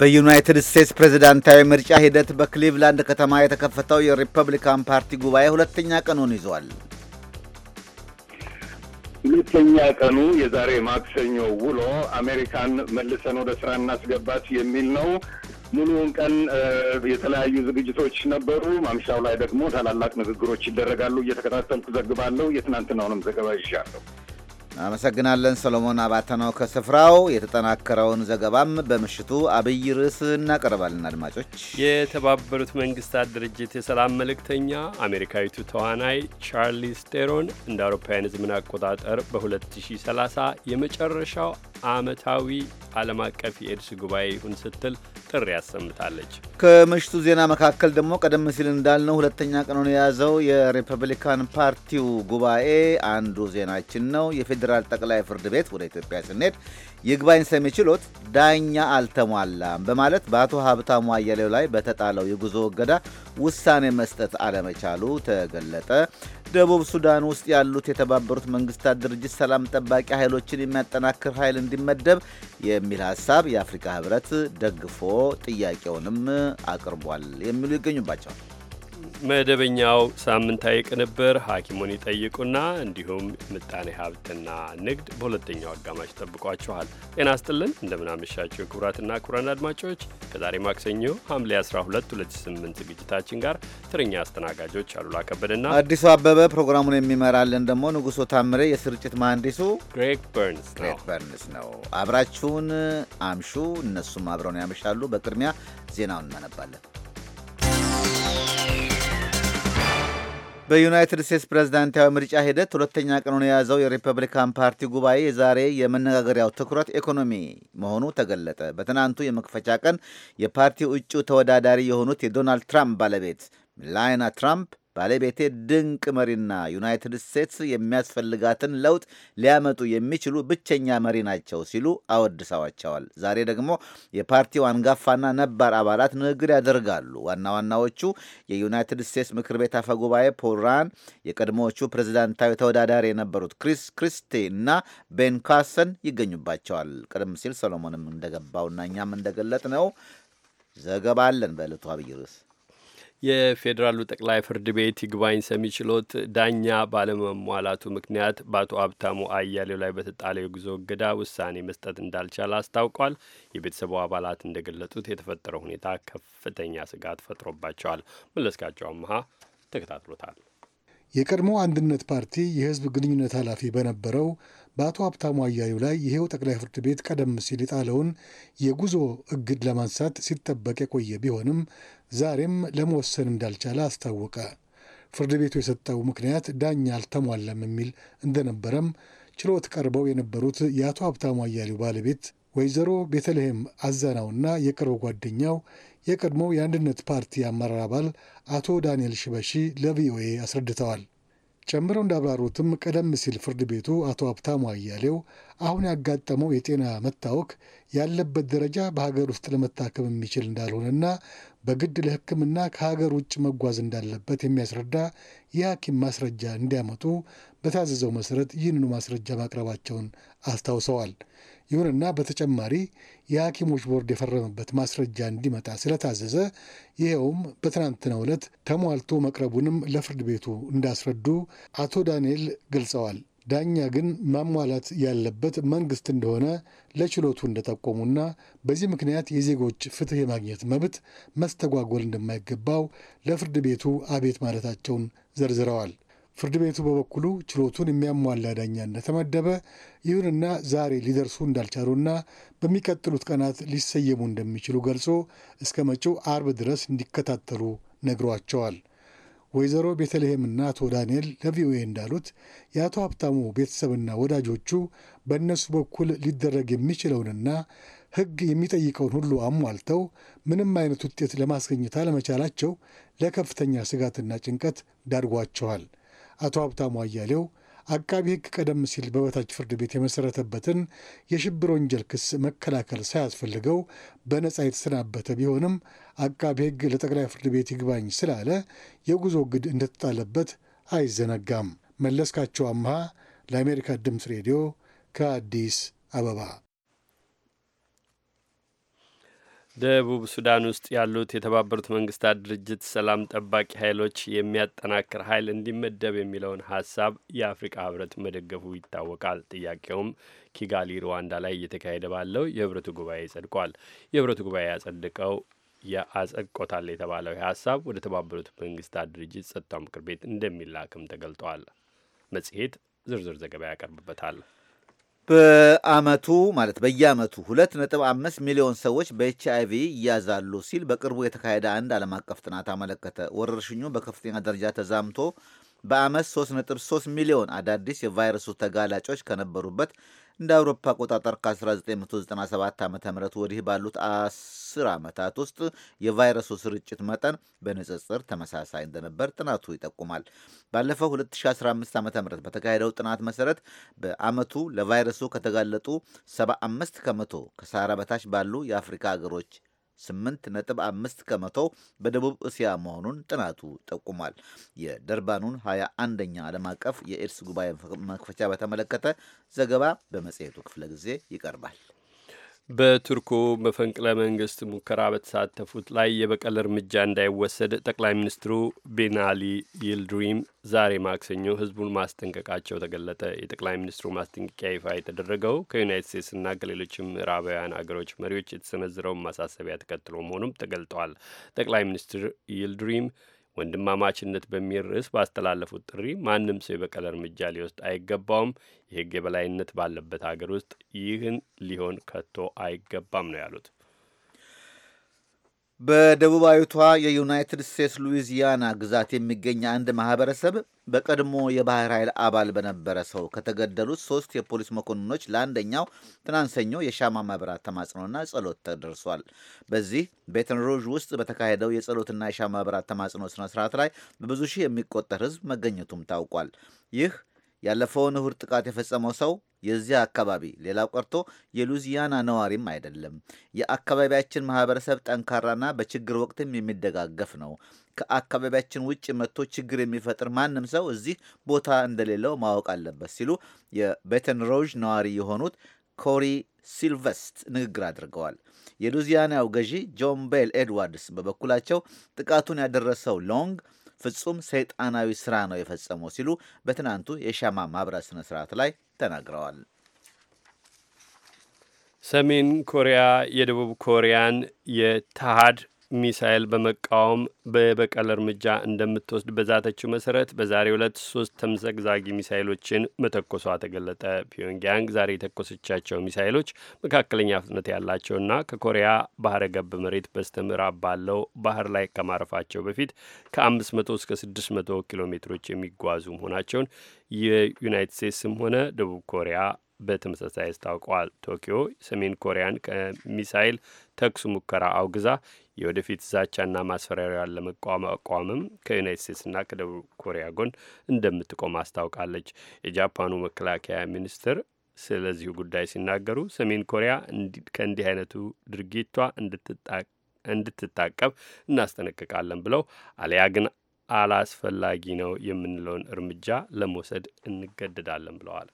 በዩናይትድ ስቴትስ ፕሬዚዳንታዊ ምርጫ ሂደት በክሊቭላንድ ከተማ የተከፈተው የሪፐብሊካን ፓርቲ ጉባኤ ሁለተኛ ቀኑን ይዟል። ሁለተኛ ቀኑ የዛሬ ማክሰኞ ውሎ አሜሪካን መልሰን ወደ ስራ እናስገባት የሚል ነው። ሙሉውን ቀን የተለያዩ ዝግጅቶች ነበሩ። ማምሻው ላይ ደግሞ ታላላቅ ንግግሮች ይደረጋሉ። እየተከታተልኩ ዘግባለሁ። የትናንትናውንም ዘገባ ይዣለሁ። አመሰግናለን ሰሎሞን አባተ ነው ከስፍራው። የተጠናከረውን ዘገባም በምሽቱ አብይ ርዕስ እናቀርባለን። አድማጮች የተባበሩት መንግስታት ድርጅት የሰላም መልእክተኛ አሜሪካዊቱ ተዋናይ ቻርሊስ ቴሮን እንደ አውሮፓውያን ዘመን አቆጣጠር በ2030 የመጨረሻው ዓመታዊ ዓለም አቀፍ የኤድስ ጉባኤ ይሁን ስትል ጥሪ ያሰምታለች። ከምሽቱ ዜና መካከል ደግሞ ቀደም ሲል እንዳልነው ሁለተኛ ቀኑን የያዘው የሪፐብሊካን ፓርቲው ጉባኤ አንዱ ዜናችን ነው። የፌዴራል ጠቅላይ ፍርድ ቤት ወደ ኢትዮጵያ ስንሄድ ይግባኝ ሰሚ ችሎት ዳኛ አልተሟላም በማለት በአቶ ሀብታሙ አያሌው ላይ በተጣለው የጉዞ እገዳ ውሳኔ መስጠት አለመቻሉ ተገለጠ። ደቡብ ሱዳን ውስጥ ያሉት የተባበሩት መንግስታት ድርጅት ሰላም ጠባቂ ኃይሎችን የሚያጠናክር ኃይል እንዲመደብ የሚል ሀሳብ የአፍሪካ ህብረት ደግፎ ጥያቄውንም አቅርቧል የሚሉ ይገኙባቸዋል። መደበኛው ሳምንታዊ ቅንብር ሐኪሙን ይጠይቁና እንዲሁም ምጣኔ ሀብትና ንግድ በሁለተኛው አጋማሽ ጠብቋችኋል። ጤና ስጥልን እንደምናመሻቸው ክቡራትና ክቡራን አድማጮች ከዛሬ ማክሰኞ ሐምሌ 12 2008 ዝግጅታችን ጋር ትርኛ አስተናጋጆች አሉላ ከበደና አዲሱ አበበ፣ ፕሮግራሙን የሚመራልን ደግሞ ንጉሶ ታምሬ፣ የስርጭት መሐንዲሱ ግሬግ በርንስ ግሬግ በርንስ ነው። አብራችሁን አምሹ። እነሱም አብረውን ያመሻሉ። በቅድሚያ ዜናውን እናነባለን። በዩናይትድ ስቴትስ ፕሬዝዳንታዊ ምርጫ ሂደት ሁለተኛ ቀኑን የያዘው የሪፐብሊካን ፓርቲ ጉባኤ የዛሬ የመነጋገሪያው ትኩረት ኢኮኖሚ መሆኑ ተገለጠ። በትናንቱ የመክፈቻ ቀን የፓርቲው እጩ ተወዳዳሪ የሆኑት የዶናልድ ትራምፕ ባለቤት ሚላንያ ትራምፕ ባለቤቴ ድንቅ መሪና ዩናይትድ ስቴትስ የሚያስፈልጋትን ለውጥ ሊያመጡ የሚችሉ ብቸኛ መሪ ናቸው ሲሉ አወድሰዋቸዋል። ዛሬ ደግሞ የፓርቲው አንጋፋና ነባር አባላት ንግግር ያደርጋሉ። ዋና ዋናዎቹ የዩናይትድ ስቴትስ ምክር ቤት አፈ ጉባኤ ፖል ራያን፣ የቀድሞዎቹ ፕሬዚዳንታዊ ተወዳዳሪ የነበሩት ክሪስ ክሪስቲ እና ቤን ካርሰን ይገኙባቸዋል። ቀደም ሲል ሰሎሞንም እንደገባውና እኛም እንደገለጥ ነው ዘገባ አለን በዕለቱ አብይ ርዕስ የፌዴራሉ ጠቅላይ ፍርድ ቤት ይግባኝ ሰሚ ችሎት ዳኛ ባለመሟላቱ ምክንያት በአቶ ሀብታሙ አያሌው ላይ በተጣለ የጉዞ እገዳ ውሳኔ መስጠት እንዳልቻለ አስታውቋል። የቤተሰቡ አባላት እንደገለጡት የተፈጠረው ሁኔታ ከፍተኛ ስጋት ፈጥሮባቸዋል። መለስካቸው አመሃ ተከታትሎታል። የቀድሞ አንድነት ፓርቲ የህዝብ ግንኙነት ኃላፊ በነበረው በአቶ ሀብታሙ አያዩ ላይ ይሄው ጠቅላይ ፍርድ ቤት ቀደም ሲል የጣለውን የጉዞ እግድ ለማንሳት ሲጠበቅ የቆየ ቢሆንም ዛሬም ለመወሰን እንዳልቻለ አስታወቀ። ፍርድ ቤቱ የሰጠው ምክንያት ዳኛ አልተሟላም የሚል እንደነበረም ችሎት ቀርበው የነበሩት የአቶ ሀብታሙ አያሌው ባለቤት ወይዘሮ ቤተልሔም አዛናውና የቅርብ ጓደኛው የቀድሞው የአንድነት ፓርቲ አመራር አባል አቶ ዳንኤል ሽበሺ ለቪኦኤ አስረድተዋል። ጨምረው እንዳብራሩትም ቀደም ሲል ፍርድ ቤቱ አቶ ሀብታሙ አያሌው አሁን ያጋጠመው የጤና መታወክ ያለበት ደረጃ በሀገር ውስጥ ለመታከም የሚችል እንዳልሆነና በግድ ለሕክምና ከሀገር ውጭ መጓዝ እንዳለበት የሚያስረዳ የሐኪም ማስረጃ እንዲያመጡ በታዘዘው መሰረት ይህንኑ ማስረጃ ማቅረባቸውን አስታውሰዋል። ይሁንና በተጨማሪ የሐኪሞች ቦርድ የፈረመበት ማስረጃ እንዲመጣ ስለታዘዘ ይኸውም በትናንትናው ዕለት ተሟልቶ መቅረቡንም ለፍርድ ቤቱ እንዳስረዱ አቶ ዳንኤል ገልጸዋል። ዳኛ ግን ማሟላት ያለበት መንግስት እንደሆነ ለችሎቱ እንደጠቆሙና በዚህ ምክንያት የዜጎች ፍትህ የማግኘት መብት መስተጓጎል እንደማይገባው ለፍርድ ቤቱ አቤት ማለታቸውን ዘርዝረዋል። ፍርድ ቤቱ በበኩሉ ችሎቱን የሚያሟላ ዳኛ እንደተመደበ፣ ይሁንና ዛሬ ሊደርሱ እንዳልቻሉና በሚቀጥሉት ቀናት ሊሰየሙ እንደሚችሉ ገልጾ እስከ መጪው አርብ ድረስ እንዲከታተሉ ነግሯቸዋል። ወይዘሮ ቤተልሔምና አቶ ዳንኤል ለቪኦኤ እንዳሉት የአቶ ሀብታሙ ቤተሰብና ወዳጆቹ በእነሱ በኩል ሊደረግ የሚችለውንና ሕግ የሚጠይቀውን ሁሉ አሟልተው ምንም አይነት ውጤት ለማስገኘት አለመቻላቸው ለከፍተኛ ስጋትና ጭንቀት ዳርጓቸዋል። አቶ ሀብታሙ አያሌው አቃቢ ሕግ ቀደም ሲል በበታች ፍርድ ቤት የመሰረተበትን የሽብር ወንጀል ክስ መከላከል ሳያስፈልገው በነጻ የተሰናበተ ቢሆንም አቃቢ ሕግ ለጠቅላይ ፍርድ ቤት ይግባኝ ስላለ የጉዞ እግድ እንደተጣለበት አይዘነጋም። መለስካቸው አምሃ ለአሜሪካ ድምፅ ሬዲዮ ከአዲስ አበባ ደቡብ ሱዳን ውስጥ ያሉት የተባበሩት መንግስታት ድርጅት ሰላም ጠባቂ ኃይሎች የሚያጠናክር ኃይል እንዲመደብ የሚለውን ሀሳብ የአፍሪቃ ህብረት መደገፉ ይታወቃል። ጥያቄውም ኪጋሊ ሩዋንዳ ላይ እየተካሄደ ባለው የህብረቱ ጉባኤ ጸድቋል። የህብረቱ ጉባኤ ያጸድቀው የአጸድቆታል የተባለው ሀሳብ ወደ ተባበሩት መንግስታት ድርጅት ጸጥታው ምክር ቤት እንደሚላክም ተገልጧል። መጽሔት ዝርዝር ዘገባ ያቀርብበታል። በአመቱ ማለት በየአመቱ 2.5 ሚሊዮን ሰዎች በኤች አይቪ ይያዛሉ ሲል በቅርቡ የተካሄደ አንድ ዓለም አቀፍ ጥናት አመለከተ። ወረርሽኙ በከፍተኛ ደረጃ ተዛምቶ በአመት 3.3 ሚሊዮን አዳዲስ የቫይረሱ ተጋላጮች ከነበሩበት እንደ አውሮፓ አቆጣጠር ከ1997 ዓ ም ወዲህ ባሉት አስር ዓመታት ውስጥ የቫይረሱ ስርጭት መጠን በንጽጽር ተመሳሳይ እንደነበር ጥናቱ ይጠቁማል። ባለፈው 2015 ዓ ም በተካሄደው ጥናት መሰረት በአመቱ ለቫይረሱ ከተጋለጡ 75 ከመቶ ከሳራ በታች ባሉ የአፍሪካ አገሮች 8.5 ከመቶ በደቡብ እስያ መሆኑን ጥናቱ ጠቁሟል። የደርባኑን 21ኛ ዓለም አቀፍ የኤድስ ጉባኤ መክፈቻ በተመለከተ ዘገባ በመጽሔቱ ክፍለ ጊዜ ይቀርባል። በቱርኩ መፈንቅለ መንግስት ሙከራ በተሳተፉት ላይ የበቀል እርምጃ እንዳይወሰድ ጠቅላይ ሚኒስትሩ ቤናሊ ይልድሪም ዛሬ ማክሰኞ ህዝቡን ማስጠንቀቃቸው ተገለጠ። የጠቅላይ ሚኒስትሩ ማስጠንቀቂያ ይፋ የተደረገው ከዩናይት ስቴትስና ከሌሎች ምዕራባውያን አገሮች መሪዎች የተሰነዘረውን ማሳሰቢያ ተከትሎ መሆኑም ተገልጠዋል። ጠቅላይ ሚኒስትር ይልድሪም ወንድማማችነት በሚል ርዕስ ባስተላለፉት ጥሪ ማንም ሰው የበቀል እርምጃ ሊወስድ አይገባውም፣ የህግ የበላይነት ባለበት አገር ውስጥ ይህን ሊሆን ከቶ አይገባም ነው ያሉት። በደቡባዊቷ የዩናይትድ ስቴትስ ሉዊዚያና ግዛት የሚገኝ አንድ ማህበረሰብ በቀድሞ የባህር ኃይል አባል በነበረ ሰው ከተገደሉት ሶስት የፖሊስ መኮንኖች ለአንደኛው ትናንት ሰኞ የሻማ ማብራት ተማጽኖና ጸሎት ተደርሷል። በዚህ ቤተን ሮዥ ውስጥ በተካሄደው የጸሎትና የሻማ ማብራት ተማጽኖ ስነስርዓት ላይ በብዙ ሺህ የሚቆጠር ህዝብ መገኘቱም ታውቋል። ይህ ያለፈውን እሁድ ጥቃት የፈጸመው ሰው የዚያ አካባቢ ሌላው ቀርቶ የሉዚያና ነዋሪም አይደለም። የአካባቢያችን ማህበረሰብ ጠንካራና በችግር ወቅትም የሚደጋገፍ ነው። ከአካባቢያችን ውጭ መጥቶ ችግር የሚፈጥር ማንም ሰው እዚህ ቦታ እንደሌለው ማወቅ አለበት ሲሉ የቤተን ሮዥ ነዋሪ የሆኑት ኮሪ ሲልቨስት ንግግር አድርገዋል። የሉዚያናው ገዢ ጆን ቤል ኤድዋርድስ በበኩላቸው ጥቃቱን ያደረሰው ሎንግ ፍጹም ሰይጣናዊ ስራ ነው የፈጸመው ሲሉ በትናንቱ የሻማ ማብራት ስነስርዓት ላይ ተናግረዋል። ሰሜን ኮሪያ የደቡብ ኮሪያን የታሃድ ሚሳኤል በመቃወም በበቀል እርምጃ እንደምትወስድ በዛተችው መሰረት በዛሬ ሁለት ሶስት ተምዘግዛጊ ሚሳኤሎችን መተኮሷ ተገለጠ። ፒዮንግያንግ ዛሬ የተኮሰቻቸው ሚሳኤሎች መካከለኛ ፍጥነት ያላቸውና ከኮሪያ ባህረ ገብ መሬት በስተ ምዕራብ ባለው ባህር ላይ ከማረፋቸው በፊት ከ500 እስከ 600 ኪሎ ሜትሮች የሚጓዙ መሆናቸውን የዩናይትድ ስቴትስም ሆነ ደቡብ ኮሪያ በተመሳሳይ አስታውቀዋል። ቶኪዮ ሰሜን ኮሪያን ከሚሳይል ተኩስ ሙከራ አውግዛ የወደፊት ዛቻና ማስፈራሪያን ለመቋቋምም ከዩናይት ስቴትስና ከደቡብ ኮሪያ ጎን እንደምትቆም አስታውቃለች። የጃፓኑ መከላከያ ሚኒስትር ስለዚሁ ጉዳይ ሲናገሩ ሰሜን ኮሪያ ከእንዲህ አይነቱ ድርጊቷ እንድትታቀብ እናስጠነቅቃለን ብለው አሊያ ግን አላስፈላጊ ነው የምንለውን እርምጃ ለመውሰድ እንገደዳለን ብለዋል።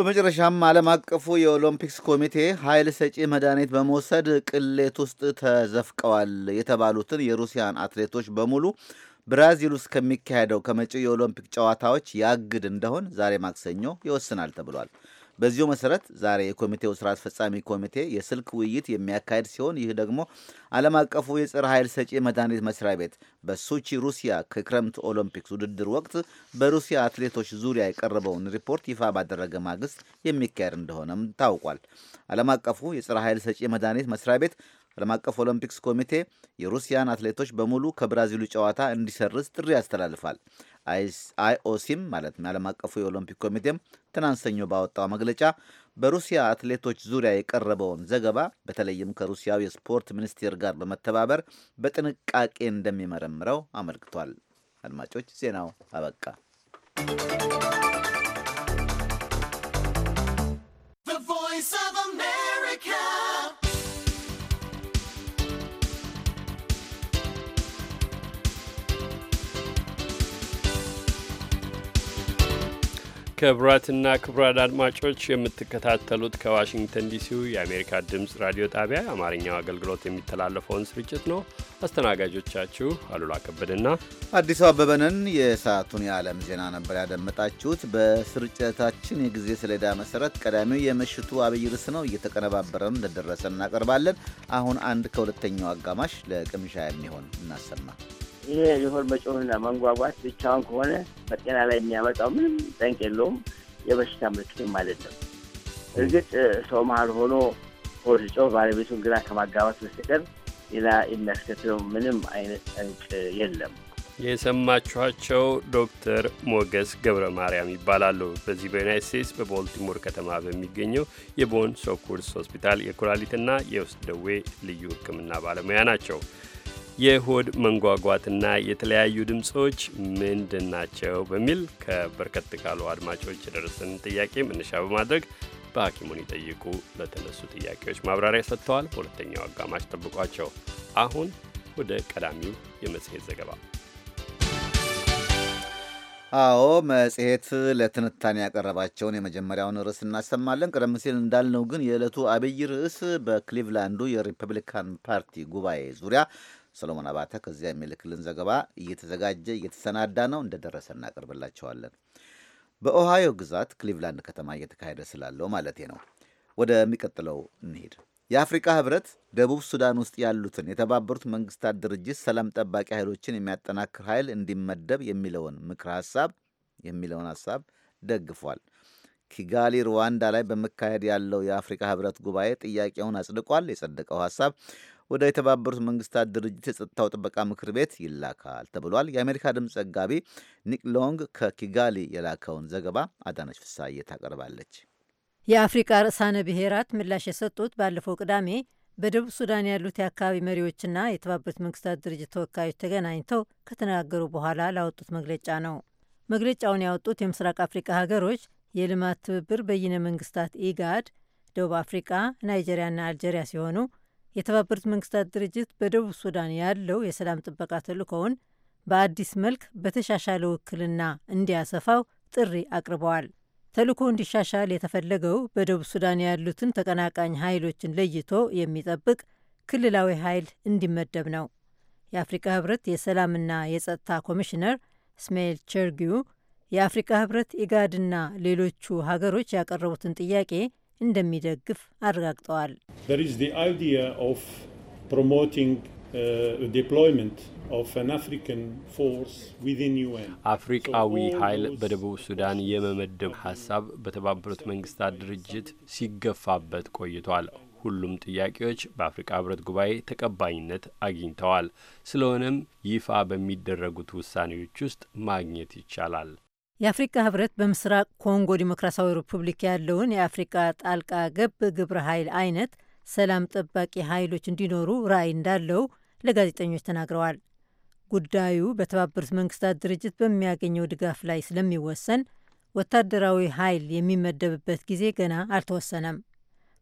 በመጨረሻም ዓለም አቀፉ የኦሎምፒክስ ኮሚቴ ኃይል ሰጪ መድኃኒት በመውሰድ ቅሌት ውስጥ ተዘፍቀዋል የተባሉትን የሩሲያን አትሌቶች በሙሉ ብራዚል ውስጥ ከሚካሄደው ከመጪው የኦሎምፒክ ጨዋታዎች ያግድ እንደሆን ዛሬ ማክሰኞ ይወስናል ተብሏል። በዚሁ መሰረት ዛሬ የኮሚቴው ስራ አስፈጻሚ ኮሚቴ የስልክ ውይይት የሚያካሄድ ሲሆን ይህ ደግሞ ዓለም አቀፉ የፀረ ኃይል ሰጪ መድኃኒት መስሪያ ቤት በሱቺ ሩሲያ ከክረምት ኦሎምፒክስ ውድድር ወቅት በሩሲያ አትሌቶች ዙሪያ የቀረበውን ሪፖርት ይፋ ባደረገ ማግስት የሚካሄድ እንደሆነም ታውቋል። ዓለም አቀፉ የፀረ ኃይል ሰጪ መድኃኒት መስሪያ ቤት ዓለም አቀፍ ኦሎምፒክስ ኮሚቴ የሩሲያን አትሌቶች በሙሉ ከብራዚሉ ጨዋታ እንዲሰርዝ ጥሪ ያስተላልፋል። አይኦሲም ማለት ነው ዓለም አቀፉ የኦሎምፒክ ኮሚቴም ትናንት ሰኞ ባወጣው መግለጫ በሩሲያ አትሌቶች ዙሪያ የቀረበውን ዘገባ በተለይም ከሩሲያው የስፖርት ሚኒስቴር ጋር በመተባበር በጥንቃቄ እንደሚመረምረው አመልክቷል። አድማጮች ዜናው አበቃ። ክቡራትና ክቡራን አድማጮች የምትከታተሉት ከዋሽንግተን ዲሲው የአሜሪካ ድምፅ ራዲዮ ጣቢያ የአማርኛው አገልግሎት የሚተላለፈውን ስርጭት ነው። አስተናጋጆቻችሁ አሉላ ከበደና አዲሱ አበበንን የሰዓቱን የዓለም ዜና ነበር ያደመጣችሁት። በስርጭታችን የጊዜ ሰሌዳ መሰረት ቀዳሚው የምሽቱ አብይ ርዕስ ነው። እየተቀነባበረም እንደደረሰ እናቀርባለን። አሁን አንድ ከሁለተኛው አጋማሽ ለቅምሻ የሚሆን እናሰማ። ይሄ የሆድ መጮህና መንጓጓት ብቻውን ከሆነ በጤና ላይ የሚያመጣው ምንም ጠንቅ የለውም፣ የበሽታ ምልክትም አይደለም። እርግጥ ሰው መሀል ሆኖ ሆድ ጮህ ባለቤቱን ግራ ከማጋባት በስተቀር ሌላ የሚያስከትለው ምንም አይነት ጠንቅ የለም። የሰማችኋቸው ዶክተር ሞገስ ገብረ ማርያም ይባላሉ። በዚህ በዩናይት ስቴትስ በቦልቲሞር ከተማ በሚገኘው የቦን ሶኩርስ ሆስፒታል የኩላሊትና የውስጥ ደዌ ልዩ ሕክምና ባለሙያ ናቸው። የሆድ መንጓጓትና የተለያዩ ድምፆች ምንድን ናቸው በሚል ከበርከት ካሉ አድማጮች የደረሰን ጥያቄ መነሻ በማድረግ በሐኪሙን ይጠይቁ ለተነሱ ጥያቄዎች ማብራሪያ ሰጥተዋል። በሁለተኛው አጋማሽ ጠብቋቸው። አሁን ወደ ቀዳሚው የመጽሔት ዘገባ አዎ መጽሔት ለትንታኔ ያቀረባቸውን የመጀመሪያውን ርዕስ እናሰማለን። ቀደም ሲል እንዳልነው ግን የዕለቱ አብይ ርዕስ በክሊቭላንዱ የሪፐብሊካን ፓርቲ ጉባኤ ዙሪያ ሰሎሞን አባተ ከዚያ የሚልክልን ዘገባ እየተዘጋጀ እየተሰናዳ ነው፣ እንደደረሰ እናቀርብላቸዋለን። በኦሃዮ ግዛት ክሊቭላንድ ከተማ እየተካሄደ ስላለው ማለቴ ነው። ወደሚቀጥለው እንሄድ። የአፍሪካ ህብረት ደቡብ ሱዳን ውስጥ ያሉትን የተባበሩት መንግስታት ድርጅት ሰላም ጠባቂ ኃይሎችን የሚያጠናክር ኃይል እንዲመደብ የሚለውን ምክር ሀሳብ የሚለውን ሀሳብ ደግፏል። ኪጋሊ ሩዋንዳ ላይ በመካሄድ ያለው የአፍሪካ ህብረት ጉባኤ ጥያቄውን አጽድቋል። የጸደቀው ሀሳብ ወደ የተባበሩት መንግስታት ድርጅት የጸጥታው ጥበቃ ምክር ቤት ይላካል ተብሏል። የአሜሪካ ድምፅ ዘጋቢ ኒክ ሎንግ ከኪጋሊ የላከውን ዘገባ አዳነች ፍሳዬ ታቀርባለች። የአፍሪቃ ርዕሳነ ብሔራት ምላሽ የሰጡት ባለፈው ቅዳሜ በደቡብ ሱዳን ያሉት የአካባቢ መሪዎችና የተባበሩት መንግስታት ድርጅት ተወካዮች ተገናኝተው ከተነጋገሩ በኋላ ላወጡት መግለጫ ነው። መግለጫውን ያወጡት የምስራቅ አፍሪካ ሀገሮች የልማት ትብብር በይነ መንግስታት ኢጋድ፣ ደቡብ አፍሪካ፣ ናይጀሪያና አልጄሪያ ሲሆኑ የተባበሩት መንግስታት ድርጅት በደቡብ ሱዳን ያለው የሰላም ጥበቃ ተልእኮውን በአዲስ መልክ በተሻሻለ ውክልና እንዲያሰፋው ጥሪ አቅርበዋል። ተልእኮ እንዲሻሻል የተፈለገው በደቡብ ሱዳን ያሉትን ተቀናቃኝ ኃይሎችን ለይቶ የሚጠብቅ ክልላዊ ኃይል እንዲመደብ ነው። የአፍሪካ ህብረት የሰላምና የጸጥታ ኮሚሽነር እስማኤል ቸርጊዩ የአፍሪካ ህብረት ኢጋድና ሌሎቹ ሀገሮች ያቀረቡትን ጥያቄ እንደሚደግፍ አረጋግጠዋል። አፍሪቃዊ uh, ኃይል በደቡብ ሱዳን የመመደብ ሀሳብ በተባበሩት መንግስታት ድርጅት ሲገፋበት ቆይቷል። ሁሉም ጥያቄዎች በአፍሪቃ ህብረት ጉባኤ ተቀባይነት አግኝተዋል። ስለሆነም ይፋ በሚደረጉት ውሳኔዎች ውስጥ ማግኘት ይቻላል። የአፍሪካ ህብረት በምስራቅ ኮንጎ ዲሞክራሲያዊ ሪፑብሊክ ያለውን የአፍሪካ ጣልቃ ገብ ግብረ ኃይል አይነት ሰላም ጠባቂ ኃይሎች እንዲኖሩ ራዕይ እንዳለው ለጋዜጠኞች ተናግረዋል። ጉዳዩ በተባበሩት መንግስታት ድርጅት በሚያገኘው ድጋፍ ላይ ስለሚወሰን ወታደራዊ ኃይል የሚመደብበት ጊዜ ገና አልተወሰነም።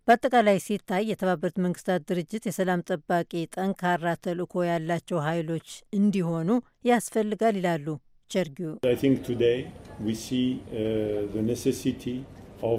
በአጠቃላይ ሲታይ የተባበሩት መንግስታት ድርጅት የሰላም ጠባቂ ጠንካራ ተልዕኮ ያላቸው ኃይሎች እንዲሆኑ ያስፈልጋል ይላሉ ቸርጊዩ uh, uh,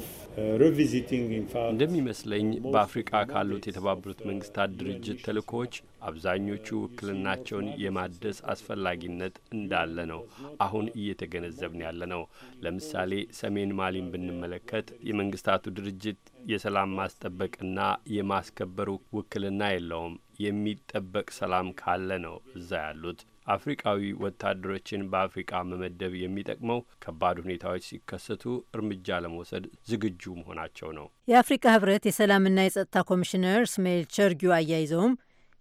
እንደሚመስለኝ በአፍሪቃ ካሉት የተባበሩት መንግስታት ድርጅት ተልእኮዎች አብዛኞቹ ውክልናቸውን የማደስ አስፈላጊነት እንዳለ ነው አሁን እየተገነዘብን ያለ ነው። ለምሳሌ ሰሜን ማሊን ብንመለከት የመንግስታቱ ድርጅት የሰላም ማስጠበቅና የማስከበር ውክልና የለውም። የሚጠበቅ ሰላም ካለ ነው እዛ ያሉት አፍሪቃዊ ወታደሮችን በአፍሪቃ መመደብ የሚጠቅመው ከባድ ሁኔታዎች ሲከሰቱ እርምጃ ለመውሰድ ዝግጁ መሆናቸው ነው። የአፍሪካ ህብረት የሰላምና የጸጥታ ኮሚሽነር ስሜል ቸርጊው አያይዘውም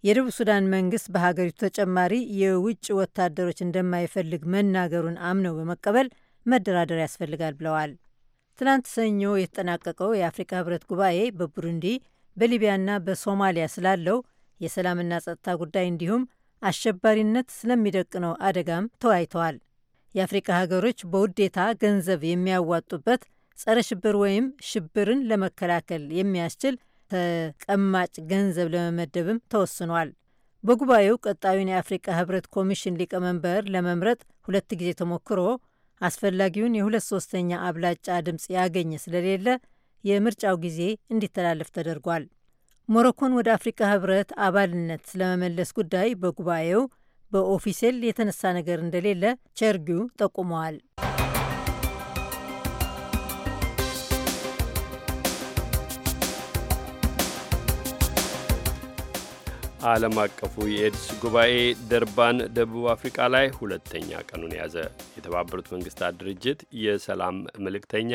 የደቡብ ሱዳን መንግስት በሀገሪቱ ተጨማሪ የውጭ ወታደሮች እንደማይፈልግ መናገሩን አምነው በመቀበል መደራደር ያስፈልጋል ብለዋል። ትናንት ሰኞ የተጠናቀቀው የአፍሪካ ህብረት ጉባኤ በቡሩንዲ በሊቢያና በሶማሊያ ስላለው የሰላምና ጸጥታ ጉዳይ እንዲሁም አሸባሪነት ስለሚደቅነው አደጋም ተወያይተዋል። የአፍሪካ ሀገሮች በውዴታ ገንዘብ የሚያዋጡበት ጸረ ሽብር ወይም ሽብርን ለመከላከል የሚያስችል ተቀማጭ ገንዘብ ለመመደብም ተወስኗል። በጉባኤው ቀጣዩን የአፍሪካ ህብረት ኮሚሽን ሊቀመንበር ለመምረጥ ሁለት ጊዜ ተሞክሮ አስፈላጊውን የሁለት ሶስተኛ አብላጫ ድምፅ ያገኘ ስለሌለ የምርጫው ጊዜ እንዲተላለፍ ተደርጓል። ሞሮኮን ወደ አፍሪካ ህብረት አባልነት ስለመመለስ ጉዳይ በጉባኤው በኦፊሴል የተነሳ ነገር እንደሌለ ቸርጊው ጠቁመዋል። ዓለም አቀፉ የኤድስ ጉባኤ ደርባን ደቡብ አፍሪካ ላይ ሁለተኛ ቀኑን የያዘ የተባበሩት መንግስታት ድርጅት የሰላም መልእክተኛ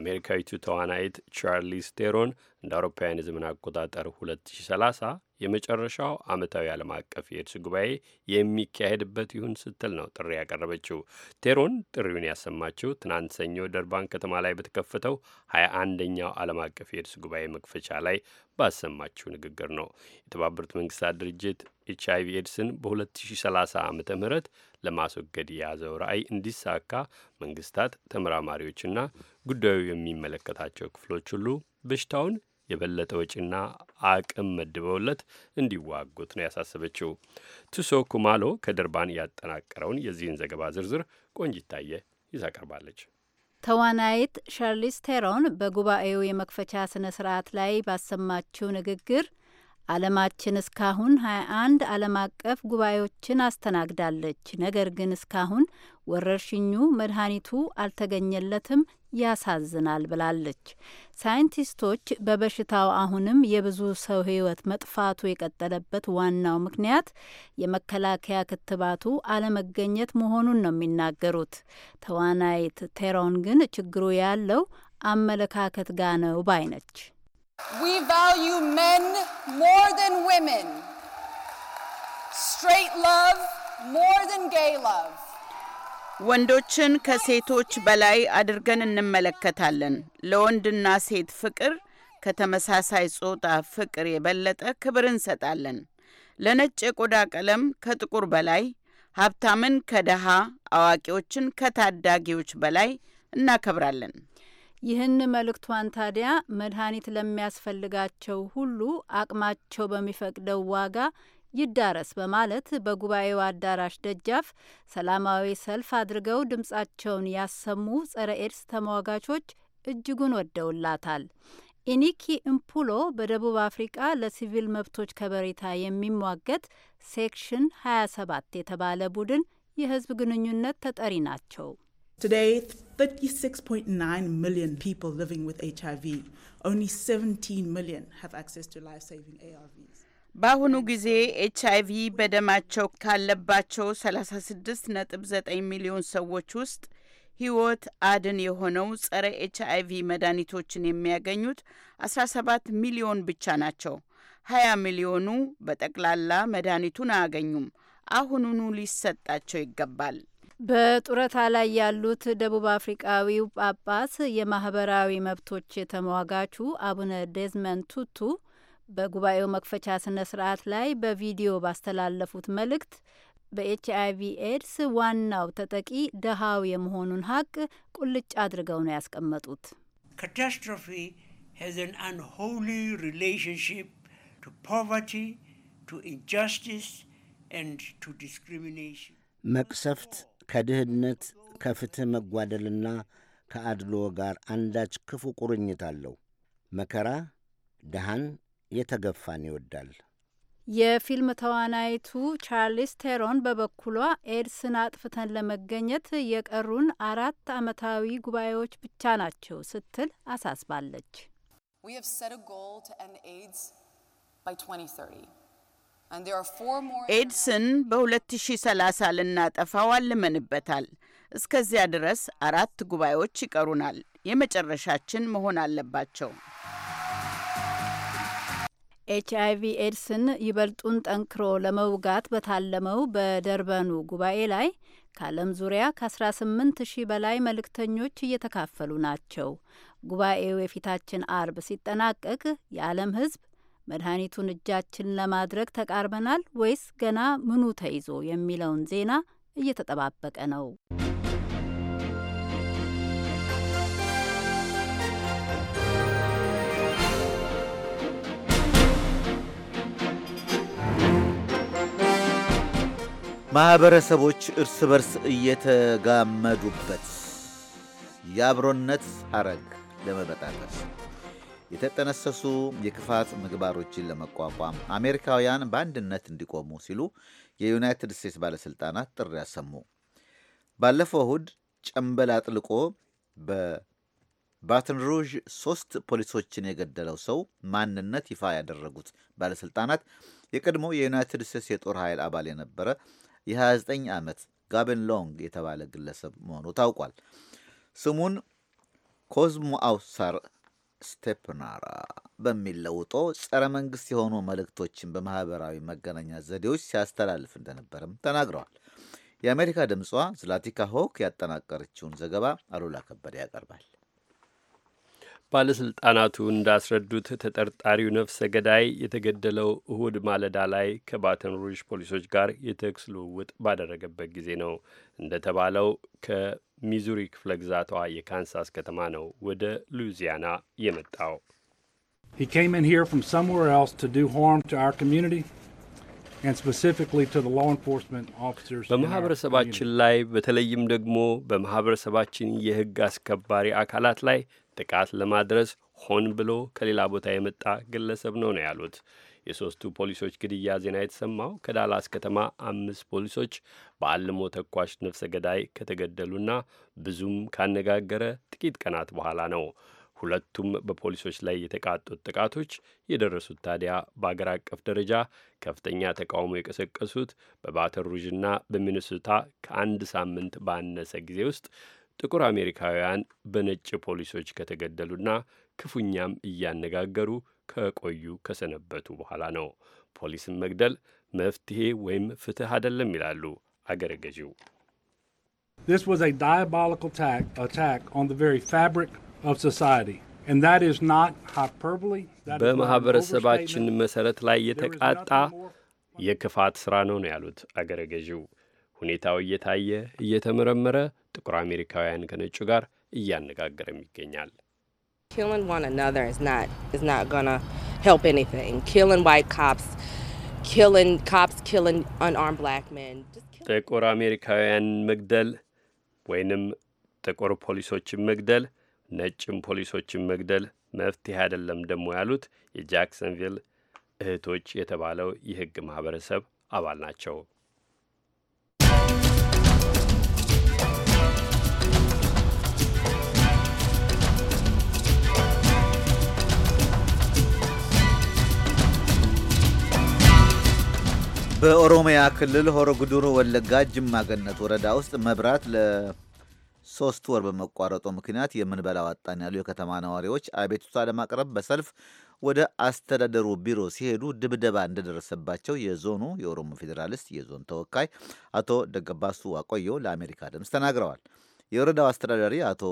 አሜሪካዊቱ ተዋናይት ቻርሊስ ቴሮን እንደ አውሮፓውያን የዘመን አቆጣጠር 2030 የመጨረሻው ዓመታዊ ዓለም አቀፍ የኤድስ ጉባኤ የሚካሄድበት ይሁን ስትል ነው ጥሪ ያቀረበችው። ቴሮን ጥሪውን ያሰማችው ትናንት ሰኞ ደርባን ከተማ ላይ በተከፈተው ሀያ አንደኛው ዓለም አቀፍ የኤድስ ጉባኤ መክፈቻ ላይ ባሰማችው ንግግር ነው። የተባበሩት መንግስታት ድርጅት ኤች አይቪ ኤድስን በ2030 ዓ ም ለማስወገድ የያዘው ራዕይ እንዲሳካ መንግስታት፣ ተመራማሪዎችና ጉዳዩ የሚመለከታቸው ክፍሎች ሁሉ በሽታውን የበለጠ ወጪና አቅም መድበውለት እንዲዋጉት ነው ያሳሰበችው። ቱሶ ኩማሎ ከደርባን ያጠናቀረውን የዚህን ዘገባ ዝርዝር ቆንጅታየ ይዛ ቀርባለች። ተዋናይት ሻርሊስ ቴሮን በጉባኤው የመክፈቻ ስነ ስርዓት ላይ ባሰማችው ንግግር ዓለማችን እስካሁን 21 ዓለም አቀፍ ጉባኤዎችን አስተናግዳለች። ነገር ግን እስካሁን ወረርሽኙ መድኃኒቱ አልተገኘለትም፣ ያሳዝናል ብላለች። ሳይንቲስቶች በበሽታው አሁንም የብዙ ሰው ሕይወት መጥፋቱ የቀጠለበት ዋናው ምክንያት የመከላከያ ክትባቱ አለመገኘት መሆኑን ነው የሚናገሩት። ተዋናይት ቴሮን ግን ችግሩ ያለው አመለካከት ጋ ነው ባይ ነች። We value men more than women, straight love more than gay love. ወንዶችን ከሴቶች በላይ አድርገን እንመለከታለን። ለወንድና ሴት ፍቅር ከተመሳሳይ ጾታ ፍቅር የበለጠ ክብር እንሰጣለን። ለነጭ የቆዳ ቀለም ከጥቁር በላይ፣ ሀብታምን ከደሃ፣ አዋቂዎችን ከታዳጊዎች በላይ እናከብራለን። ይህን መልእክቷን ታዲያ መድኃኒት ለሚያስፈልጋቸው ሁሉ አቅማቸው በሚፈቅደው ዋጋ ይዳረስ በማለት በጉባኤው አዳራሽ ደጃፍ ሰላማዊ ሰልፍ አድርገው ድምጻቸውን ያሰሙ ጸረ ኤድስ ተሟጋቾች እጅጉን ወደውላታል። ኢኒኪ እምፑሎ በደቡብ አፍሪቃ ለሲቪል መብቶች ከበሬታ የሚሟገት ሴክሽን 27 የተባለ ቡድን የህዝብ ግንኙነት ተጠሪ ናቸው። Today, 36.9 million people living with HIV. Only 17 million have access to life-saving ARVs. በአሁኑ ጊዜ ኤች አይቪ በደማቸው ካለባቸው 9 ሚሊዮን ሰዎች ውስጥ ህይወት አድን የሆነው ጸረ ኤች አይቪ መድኃኒቶችን የሚያገኙት 17 ሚሊዮን ብቻ ናቸው። 20 ሚሊዮኑ በጠቅላላ መድኃኒቱን አያገኙም። አሁኑኑ ሊሰጣቸው ይገባል። በጡረታ ላይ ያሉት ደቡብ አፍሪቃዊው ጳጳስ የማህበራዊ መብቶች ተሟጋቹ አቡነ ዴዝመን ቱቱ በጉባኤው መክፈቻ ስነ ስርዓት ላይ በቪዲዮ ባስተላለፉት መልእክት በኤች ቪ ኤድስ ዋናው ተጠቂ ደሃው የመሆኑን ሀቅ ቁልጭ አድርገው ነው ያስቀመጡት። ካታስትሮፊ ሀዝ አን አንሆሊ ሪሌሽንሽፕ ቱ ፖቨርቲ ቱ ኢንጃስቲስ ኤንድ ቱ ዲስክሪሚኔሽን መቅሰፍት ከድህነት ከፍትሕ መጓደልና ከአድሎ ጋር አንዳች ክፉ ቁርኝት አለው። መከራ ድሃን የተገፋን ይወዳል። የፊልም ተዋናይቱ ቻርሊስ ቴሮን በበኩሏ ኤድስን አጥፍተን ለመገኘት የቀሩን አራት ዓመታዊ ጉባኤዎች ብቻ ናቸው ስትል አሳስባለች። ኤድስን በ2030 ልናጠፋው አልመንበታል። እስከዚያ ድረስ አራት ጉባኤዎች ይቀሩናል። የመጨረሻችን መሆን አለባቸው። ኤች ቪ ኤድስን ይበልጡን ጠንክሮ ለመውጋት በታለመው በደርበኑ ጉባኤ ላይ ከዓለም ዙሪያ ከ18 ሺህ በላይ መልእክተኞች እየተካፈሉ ናቸው። ጉባኤው የፊታችን አርብ ሲጠናቀቅ የዓለም ሕዝብ መድኃኒቱን እጃችን ለማድረግ ተቃርበናል ወይስ ገና ምኑ ተይዞ የሚለውን ዜና እየተጠባበቀ ነው። ማኅበረሰቦች እርስ በርስ እየተጋመዱበት የአብሮነት አረግ ለመበጣጠስ የተጠነሰሱ የክፋት ምግባሮችን ለመቋቋም አሜሪካውያን በአንድነት እንዲቆሙ ሲሉ የዩናይትድ ስቴትስ ባለሥልጣናት ጥሪ ያሰሙ። ባለፈው እሁድ ጨንበል አጥልቆ በባትን ሩዥ ሶስት ፖሊሶችን የገደለው ሰው ማንነት ይፋ ያደረጉት ባለሥልጣናት የቀድሞ የዩናይትድ ስቴትስ የጦር ኃይል አባል የነበረ የ29 ዓመት ጋብን ሎንግ የተባለ ግለሰብ መሆኑ ታውቋል። ስሙን ኮዝሞ አውሳር ስቴፕናራ በሚል ለውጦ ጸረ መንግስት የሆኑ መልእክቶችን በማህበራዊ መገናኛ ዘዴዎች ሲያስተላልፍ እንደነበርም ተናግረዋል። የአሜሪካ ድምጿ ዝላቲካ ሆክ ያጠናቀረችውን ዘገባ አሉላ ከበደ ያቀርባል። ባለሥልጣናቱ እንዳስረዱት ተጠርጣሪው ነፍሰ ገዳይ የተገደለው እሁድ ማለዳ ላይ ከባተን ሩዥ ፖሊሶች ጋር የተኩስ ልውውጥ ባደረገበት ጊዜ ነው። እንደተባለው ሚዙሪ ክፍለ ግዛቷ የካንሳስ ከተማ ነው ወደ ሉዚያና የመጣው። በማኅበረሰባችን ላይ በተለይም ደግሞ በማኅበረሰባችን የሕግ አስከባሪ አካላት ላይ ጥቃት ለማድረስ ሆን ብሎ ከሌላ ቦታ የመጣ ግለሰብ ነው ነው ያሉት። የሶስቱ ፖሊሶች ግድያ ዜና የተሰማው ከዳላስ ከተማ አምስት ፖሊሶች በአልሞ ተኳሽ ነፍሰ ገዳይ ከተገደሉና ብዙም ካነጋገረ ጥቂት ቀናት በኋላ ነው። ሁለቱም በፖሊሶች ላይ የተቃጡት ጥቃቶች የደረሱት ታዲያ በአገር አቀፍ ደረጃ ከፍተኛ ተቃውሞ የቀሰቀሱት በባተን ሩዥና በሚኒሶታ ከአንድ ሳምንት ባነሰ ጊዜ ውስጥ ጥቁር አሜሪካውያን በነጭ ፖሊሶች ከተገደሉና ክፉኛም እያነጋገሩ ከቆዩ ከሰነበቱ በኋላ ነው። ፖሊስን መግደል መፍትሄ ወይም ፍትህ አይደለም ይላሉ አገረ ገዢው። This was a diabolical attack, attack on the very fabric of society. መሠረት ላይ የተቃጣ የክፋት ሥራ ነው ነው ያሉት አገረ ገዢው። ሁኔታው እየታየ እየተመረመረ ጥቁር አሜሪካውያን ከነጩ ጋር እያነጋገረም ይገኛል። Killing one another is not is not gonna help anything. Killing white cops, killing cops, killing unarmed black men. ጥቁር አሜሪካውያን መግደል ወይንም ጥቁር ፖሊሶችን መግደል ነጭም ፖሊሶችን መግደል መፍትሄ አይደለም ደግሞ ያሉት የጃክሰንቪል እህቶች የተባለው የሕግ ማህበረሰብ አባል ናቸው። በኦሮሚያ ክልል ሆሮ ጉዱሩ ወለጋ ጅማ ገነት ወረዳ ውስጥ መብራት ለሶስት ወር በመቋረጡ ምክንያት የምንበላው አጣን ያሉ የከተማ ነዋሪዎች አቤቱታ ለማቅረብ በሰልፍ ወደ አስተዳደሩ ቢሮ ሲሄዱ ድብደባ እንደደረሰባቸው የዞኑ የኦሮሞ ፌዴራሊስት የዞን ተወካይ አቶ ደገባሱ አቆየው ለአሜሪካ ድምፅ ተናግረዋል። የወረዳው አስተዳዳሪ አቶ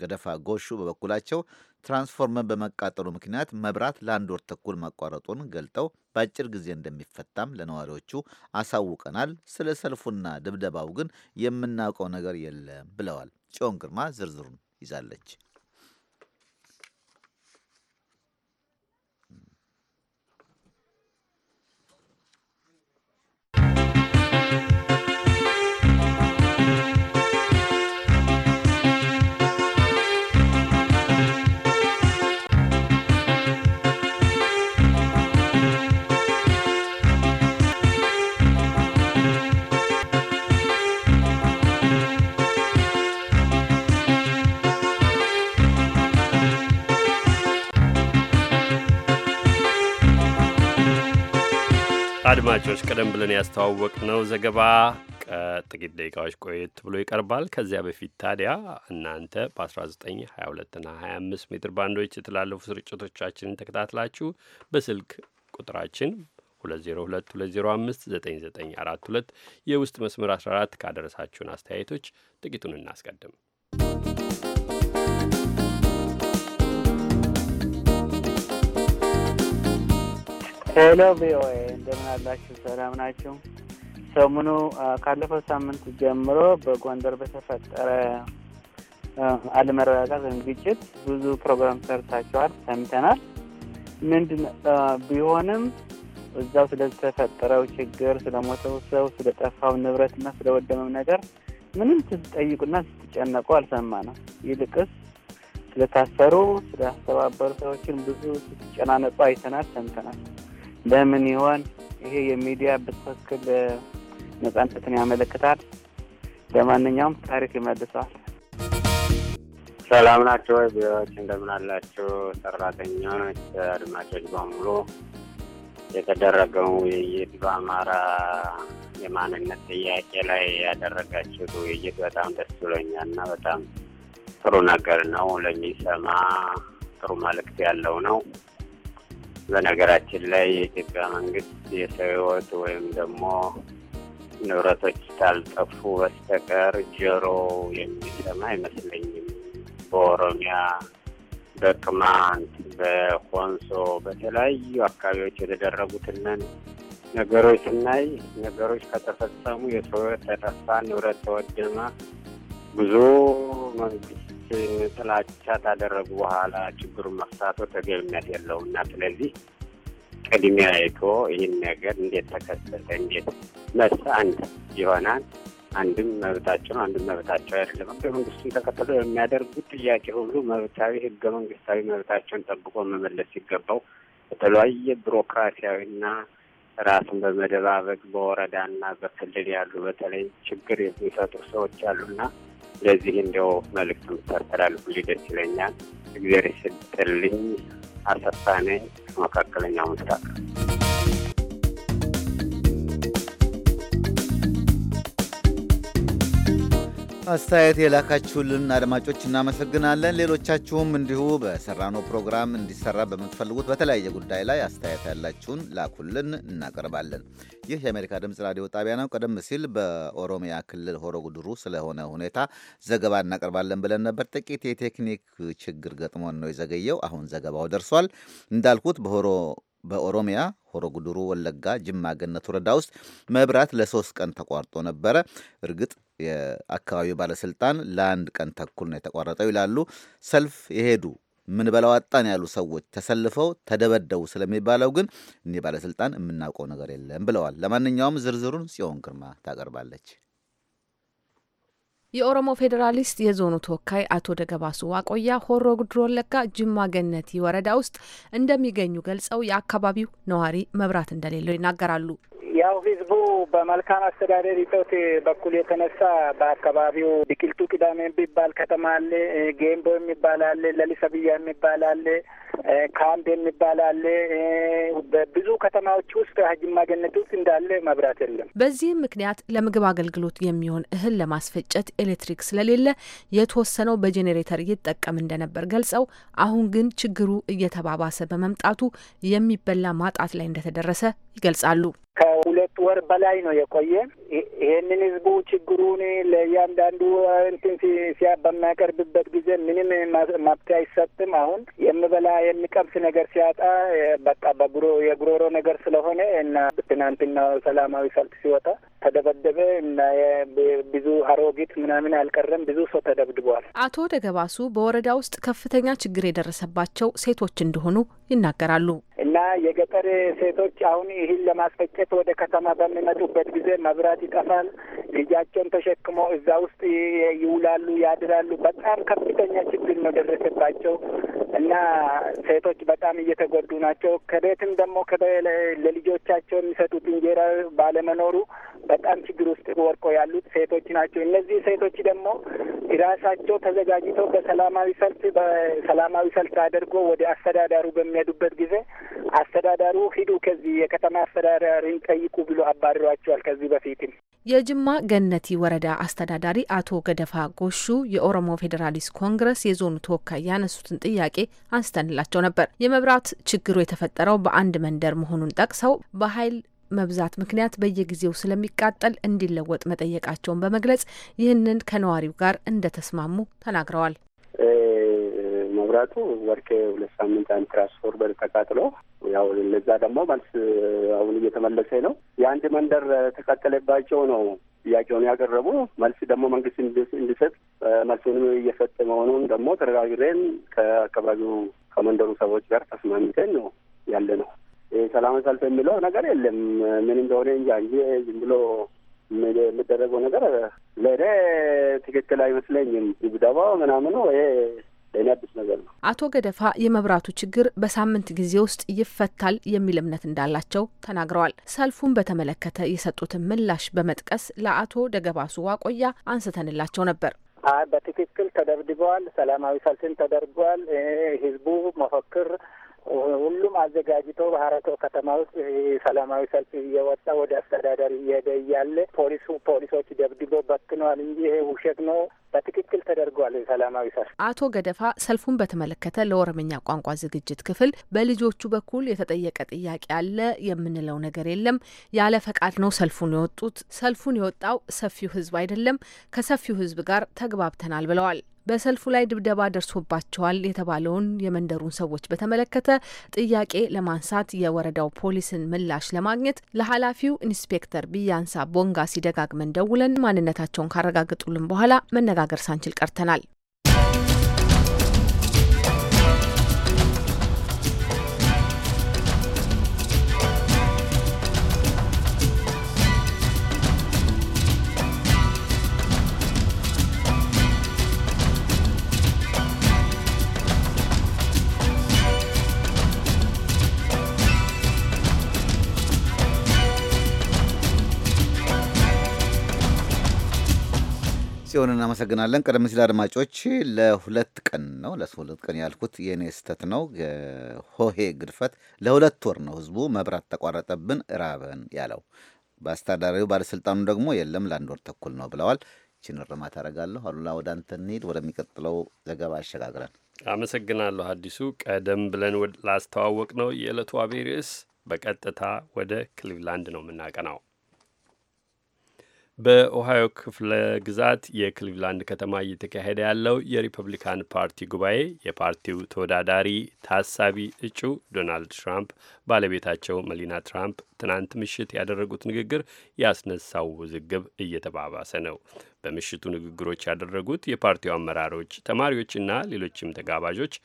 ገደፋ ጎሹ በበኩላቸው ትራንስፎርመር በመቃጠሉ ምክንያት መብራት ለአንድ ወር ተኩል ማቋረጡን ገልጠው በአጭር ጊዜ እንደሚፈታም ለነዋሪዎቹ አሳውቀናል። ስለ ሰልፉና ድብደባው ግን የምናውቀው ነገር የለም ብለዋል። ጽዮን ግርማ ዝርዝሩን ይዛለች። አድማጮች ቀደም ብለን ያስተዋወቅ ነው ዘገባ ጥቂት ደቂቃዎች ቆየት ብሎ ይቀርባል። ከዚያ በፊት ታዲያ እናንተ በ1922 እና 25 ሜትር ባንዶች የተላለፉ ስርጭቶቻችንን ተከታትላችሁ በስልክ ቁጥራችን 2022059942 የውስጥ መስመር 14 ካደረሳችሁን አስተያየቶች ጥቂቱን እናስቀድም። ሄሎ ቪኦኤ እንደምን አላችሁ? ሰላም ናችሁ? ሰሙኑ ካለፈው ሳምንት ጀምሮ በጎንደር በተፈጠረ አለመረጋጋት ወይም ግጭት ብዙ ፕሮግራም ሰርታችኋል፣ ሰምተናል። ምንድን ቢሆንም እዛው ስለተፈጠረው ችግር፣ ስለሞተው ሰው፣ ስለጠፋው ንብረትና ስለወደመም ነገር ምንም ስትጠይቁና ስትጨነቁ አልሰማ ነው። ይልቅስ ስለታሰሩ፣ ስላስተባበሩ ሰዎችን ብዙ ስትጨናነቁ አይተናል፣ ሰምተናል። ለምን ይሆን ይሄ የሚዲያ በትክክል ነጻነትን ያመለክታል። ለማንኛውም ታሪክ ይመልሰዋል። ሰላም ናቸው ወይ ቢዎች እንደምን ሰራተኞች፣ አድማጮች በሙሉ የተደረገው ውይይት በአማራ የማንነት ጥያቄ ላይ ያደረጋችሁት ውይይት በጣም ደስ ብሎኛል እና በጣም ጥሩ ነገር ነው። ለሚሰማ ጥሩ መልእክት ያለው ነው። በነገራችን ላይ የኢትዮጵያ መንግስት የሰው ወይም ደግሞ ንብረቶች ካልጠፉ በስተቀር ጆሮ የሚሰማ አይመስለኝም። በኦሮሚያ፣ በቅማንት፣ በኮንሶ በተለያዩ አካባቢዎች የተደረጉትንን ነገሮች ስናይ ነገሮች ከተፈጸሙ የሰው ሕይወት ተጠፋ፣ ንብረት ተወደመ፣ ብዙ መንግስት ጥላቻ ካደረጉ በኋላ ችግሩን መፍታቱ ተገቢነት የለውም እና ስለዚህ ቅድሚያ አይቶ ይህን ነገር እንዴት ተከሰተ እንዴት መስ አንድ ይሆናል አንድም መብታቸው ነው፣ አንድም መብታቸው አይደለም። ህገ መንግስቱን ተከትሎ የሚያደርጉት ጥያቄ ሁሉ መብታዊ ህገ መንግስታዊ መብታቸውን ጠብቆ መመለስ ሲገባው በተለያየ ቢሮክራሲያዊና ራሱን በመደባበቅ በወረዳና በክልል ያሉ በተለይ ችግር የሚፈጥሩ ሰዎች አሉና። ለዚህ እንደው መልእክት የምታስተላልፉልኝ ደስ ይለኛል። እግዚአብሔር ይስጥልኝ። አሰፋ ነኝ ከመካከለኛው ምስራቅ አስተያየት የላካችሁልን አድማጮች እናመሰግናለን። ሌሎቻችሁም እንዲሁ በሰራነው ፕሮግራም እንዲሰራ በምትፈልጉት በተለያየ ጉዳይ ላይ አስተያየት ያላችሁን ላኩልን፣ እናቀርባለን። ይህ የአሜሪካ ድምፅ ራዲዮ ጣቢያ ነው። ቀደም ሲል በኦሮሚያ ክልል ሆሮ ጉድሩ ስለሆነ ሁኔታ ዘገባ እናቀርባለን ብለን ነበር። ጥቂት የቴክኒክ ችግር ገጥሞን ነው የዘገየው። አሁን ዘገባው ደርሷል። እንዳልኩት በሆሮ በኦሮሚያ ሆሮጉድሩ ወለጋ ጅማ ገነት ወረዳ ውስጥ መብራት ለሶስት ቀን ተቋርጦ ነበረ። እርግጥ የአካባቢው ባለስልጣን ለአንድ ቀን ተኩል ነው የተቋረጠው ይላሉ። ሰልፍ የሄዱ ምን በላው አጣን ያሉ ሰዎች ተሰልፈው ተደበደቡ ስለሚባለው ግን እኒህ ባለስልጣን የምናውቀው ነገር የለም ብለዋል። ለማንኛውም ዝርዝሩን ጽዮን ግርማ ታቀርባለች። የኦሮሞ ፌዴራሊስት የዞኑ ተወካይ አቶ ደገባሱ ዋቆያ ሆሮ ጉድሮ ወለጋ ጅማ ገነቲ ወረዳ ውስጥ እንደሚገኙ ገልጸው የአካባቢው ነዋሪ መብራት እንደሌለው ይናገራሉ። ያው ህዝቡ በመልካም አስተዳደር እጦት በኩል የተነሳ በአካባቢው ቢቅልቱ ቅዳሜ የሚባል ከተማ አለ፣ ጌምቦ የሚባል አለ፣ ለሊሰብያ የሚባል አለ ካምፕ የሚባል አለ። በብዙ ከተማዎች ውስጥ ጅማ ገነት ውስጥ እንዳለ መብራት የለም። በዚህም ምክንያት ለምግብ አገልግሎት የሚሆን እህል ለማስፈጨት ኤሌክትሪክ ስለሌለ የተወሰነው በጄኔሬተር ይጠቀም እንደነበር ገልጸው፣ አሁን ግን ችግሩ እየተባባሰ በመምጣቱ የሚበላ ማጣት ላይ እንደተደረሰ ይገልጻሉ። ከሁለት ወር በላይ ነው የቆየ። ይህንን ህዝቡ ችግሩን ለእያንዳንዱ እንትን ሲያ በሚያቀርብበት ጊዜ ምንም መብት አይሰጥም። አሁን የምበላ የሚቀምስ ነገር ሲያጣ በቃ በጉሮ የጉሮሮ ነገር ስለሆነ እና ትናንትና ሰላማዊ ሰልፍ ሲወጣ ተደበደበ እና ብዙ አሮጊት ምናምን አልቀረም፣ ብዙ ሰው ተደብድቧል። አቶ ደገባሱ በወረዳ ውስጥ ከፍተኛ ችግር የደረሰባቸው ሴቶች እንደሆኑ ይናገራሉ። እና የገጠር ሴቶች አሁን ይህን ለማስፈጨ ከሸቀጥ ወደ ከተማ በሚመጡበት ጊዜ መብራት ይጠፋል። ልጃቸውን ተሸክሞ እዛ ውስጥ ይውላሉ፣ ያድራሉ። በጣም ከፍተኛ ችግር ነው ደረሰባቸው እና ሴቶች በጣም እየተጎዱ ናቸው። ከቤትም ደግሞ ለልጆቻቸው የሚሰጡት እንጀራ ባለመኖሩ በጣም ችግር ውስጥ ወርቆ ያሉት ሴቶች ናቸው። እነዚህ ሴቶች ደግሞ ራሳቸው ተዘጋጅተው በሰላማዊ ሰልፍ በሰላማዊ ሰልፍ አድርጎ ወደ አስተዳዳሩ በሚሄዱበት ጊዜ አስተዳዳሩ ሂዱ ከዚህ የከተማ አስተዳዳሪ አባሪን ጠይቁ ብሎ አባሪሯቸዋል። ከዚህ በፊትም የጅማ ገነቲ ወረዳ አስተዳዳሪ አቶ ገደፋ ጎሹ የኦሮሞ ፌዴራሊስት ኮንግረስ የዞኑ ተወካይ ያነሱትን ጥያቄ አንስተንላቸው ነበር። የመብራት ችግሩ የተፈጠረው በአንድ መንደር መሆኑን ጠቅሰው በኃይል መብዛት ምክንያት በየጊዜው ስለሚቃጠል እንዲለወጥ መጠየቃቸውን በመግለጽ ይህንን ከነዋሪው ጋር እንደተስማሙ ተናግረዋል። መብራቱ ወርቄ ሁለት ሳምንት አንድ ትራንስፎርመር ተቃጥሎ ያው ለዛ ደግሞ መልስ አሁን እየተመለሰ ነው። የአንድ መንደር ተቃጠለባቸው ነው ጥያቄውን ያቀረቡ መልስ ደግሞ መንግስት እንዲሰጥ መልሱንም እየሰጠ መሆኑን ደግሞ ተደጋግሬን ከአካባቢው ከመንደሩ ሰዎች ጋር ተስማምተን ነው ያለ ነው። ሰላም ሰልፍ የሚለው ነገር የለም ምን እንደሆነ እንጃ እንጂ ዝም ብሎ የሚደረገው ነገር ለእኔ ትክክል አይመስለኝም። ድብደባ ምናምኑ ይሄ ለእኔ አዲስ ነገር ነው። አቶ ገደፋ የመብራቱ ችግር በሳምንት ጊዜ ውስጥ ይፈታል የሚል እምነት እንዳላቸው ተናግረዋል። ሰልፉን በተመለከተ የሰጡትን ምላሽ በመጥቀስ ለአቶ ደገባሱ ዋቆያ አንስተንላቸው ነበር። በትክክል ተደብድበዋል። ሰላማዊ ሰልፍን ተደርጓል። ህዝቡ መፈክር ሁሉም አዘጋጅቶ ባህረቶ ከተማ ውስጥ ሰላማዊ ሰልፍ እየወጣ ወደ አስተዳደር እየሄደ እያለ ፖሊሱ ፖሊሶች ደብድቦ በትነዋል እንጂ ይሄ ውሸት ነው፣ በትክክል ተደርጓል። ሰላማዊ ሰልፍ አቶ ገደፋ ሰልፉን በተመለከተ ለኦሮምኛ ቋንቋ ዝግጅት ክፍል በልጆቹ በኩል የተጠየቀ ጥያቄ አለ የምንለው ነገር የለም። ያለ ፈቃድ ነው ሰልፉን የወጡት። ሰልፉን የወጣው ሰፊው ህዝብ አይደለም። ከሰፊው ህዝብ ጋር ተግባብተናል ብለዋል። በሰልፉ ላይ ድብደባ ደርሶባቸዋል የተባለውን የመንደሩን ሰዎች በተመለከተ ጥያቄ ለማንሳት የወረዳው ፖሊስን ምላሽ ለማግኘት ለኃላፊው ኢንስፔክተር ቢያንሳ ቦንጋ ሲደጋግመን ደውለን ማንነታቸውን ካረጋገጡልን በኋላ መነጋ መነጋገር ሳንችል ቀርተናል። ጽዮን እናመሰግናለን። ቀደም ሲል አድማጮች ለሁለት ቀን ነው ለሁለት ቀን ያልኩት የእኔ ስህተት ነው። ሆሄ ግድፈት ለሁለት ወር ነው ህዝቡ መብራት ተቋረጠብን እራበን ያለው። በአስተዳዳሪው ባለስልጣኑ ደግሞ የለም ለአንድ ወር ተኩል ነው ብለዋል። ችን እርማት አደርጋለሁ። አሉላ ወደ አንተ እንሂድ፣ ወደሚቀጥለው ዘገባ አሸጋግረን። አመሰግናለሁ አዲሱ። ቀደም ብለን ላስተዋወቅ ነው የዕለቱ አብይ ርዕስ በቀጥታ ወደ ክሊቭላንድ ነው የምናቀናው። በኦሃዮ ክፍለ ግዛት የክሊቭላንድ ከተማ እየተካሄደ ያለው የሪፐብሊካን ፓርቲ ጉባኤ የፓርቲው ተወዳዳሪ ታሳቢ እጩ ዶናልድ ትራምፕ ባለቤታቸው መሊና ትራምፕ ትናንት ምሽት ያደረጉት ንግግር ያስነሳው ውዝግብ እየተባባሰ ነው። በምሽቱ ንግግሮች ያደረጉት የፓርቲው አመራሮች፣ ተማሪዎችና ሌሎችም ተጋባዦች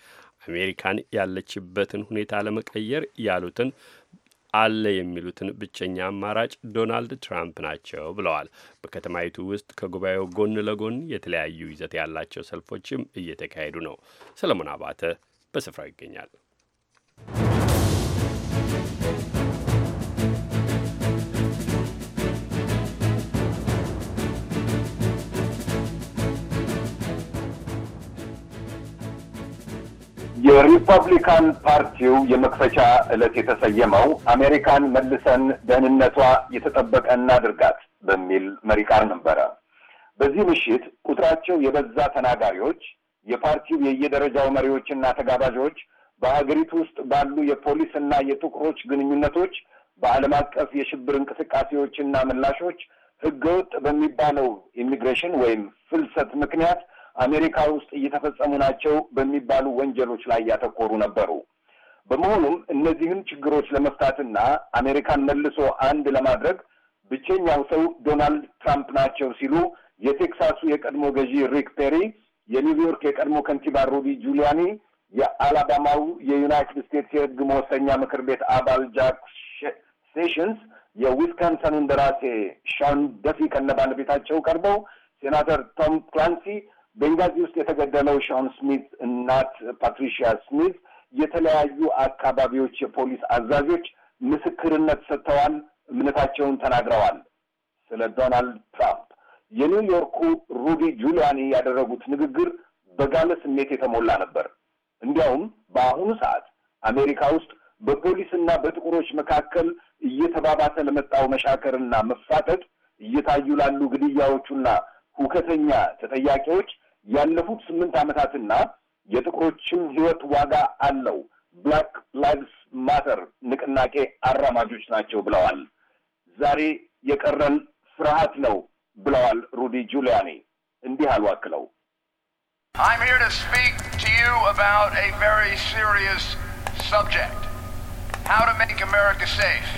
አሜሪካን ያለችበትን ሁኔታ ለመቀየር ያሉትን አለ የሚሉትን ብቸኛ አማራጭ ዶናልድ ትራምፕ ናቸው ብለዋል። በከተማይቱ ውስጥ ከጉባኤው ጎን ለጎን የተለያዩ ይዘት ያላቸው ሰልፎችም እየተካሄዱ ነው። ሰለሞን አባተ በስፍራው ይገኛል። የሪፐብሊካን ፓርቲው የመክፈቻ ዕለት የተሰየመው አሜሪካን መልሰን ደህንነቷ የተጠበቀ እናድርጋት በሚል መሪ ቃል ነበረ። በዚህ ምሽት ቁጥራቸው የበዛ ተናጋሪዎች፣ የፓርቲው የየደረጃው መሪዎችና ተጋባዦች በሀገሪቱ ውስጥ ባሉ የፖሊስና የጥቁሮች ግንኙነቶች፣ በዓለም አቀፍ የሽብር እንቅስቃሴዎችና ምላሾች፣ ህገወጥ በሚባለው ኢሚግሬሽን ወይም ፍልሰት ምክንያት አሜሪካ ውስጥ እየተፈጸሙ ናቸው በሚባሉ ወንጀሎች ላይ ያተኮሩ ነበሩ። በመሆኑም እነዚህን ችግሮች ለመፍታትና አሜሪካን መልሶ አንድ ለማድረግ ብቸኛው ሰው ዶናልድ ትራምፕ ናቸው ሲሉ የቴክሳሱ የቀድሞ ገዢ ሪክ ፔሪ፣ የኒውዮርክ የቀድሞ ከንቲባ ሩዲ ጁሊያኒ፣ የአላባማው የዩናይትድ ስቴትስ የሕግ መወሰኛ ምክር ቤት አባል ጃክ ሴሽንስ፣ የዊስካንሰን እንደራሴ ሻን ደፊ ከነባለቤታቸው ቀርበው ሴናተር ቶም ክላንሲ ቤንጋዚ ውስጥ የተገደለው ሻውን ስሚት እናት ፓትሪሺያ ስሚት የተለያዩ አካባቢዎች የፖሊስ አዛዦች ምስክርነት ሰጥተዋል፣ እምነታቸውን ተናግረዋል። ስለ ዶናልድ ትራምፕ የኒውዮርኩ ሩዲ ጁሊያኒ ያደረጉት ንግግር በጋለ ስሜት የተሞላ ነበር። እንዲያውም በአሁኑ ሰዓት አሜሪካ ውስጥ በፖሊስና በጥቁሮች መካከል እየተባባሰ ለመጣው መሻከርና መፋጠጥ እየታዩ ላሉ ግድያዎቹና ሁከተኛ ተጠያቂዎች ያለፉት ስምንት ዓመታትና የጥቁሮችም ህይወት ዋጋ አለው ብላክ ላይቭስ ማተር ንቅናቄ አራማጆች ናቸው ብለዋል። ዛሬ የቀረን ፍርሃት ነው ብለዋል ሩዲ ጁሊያኒ። እንዲህ አሉ አክለው I'm here to speak to you about a very serious subject. How to make America safe.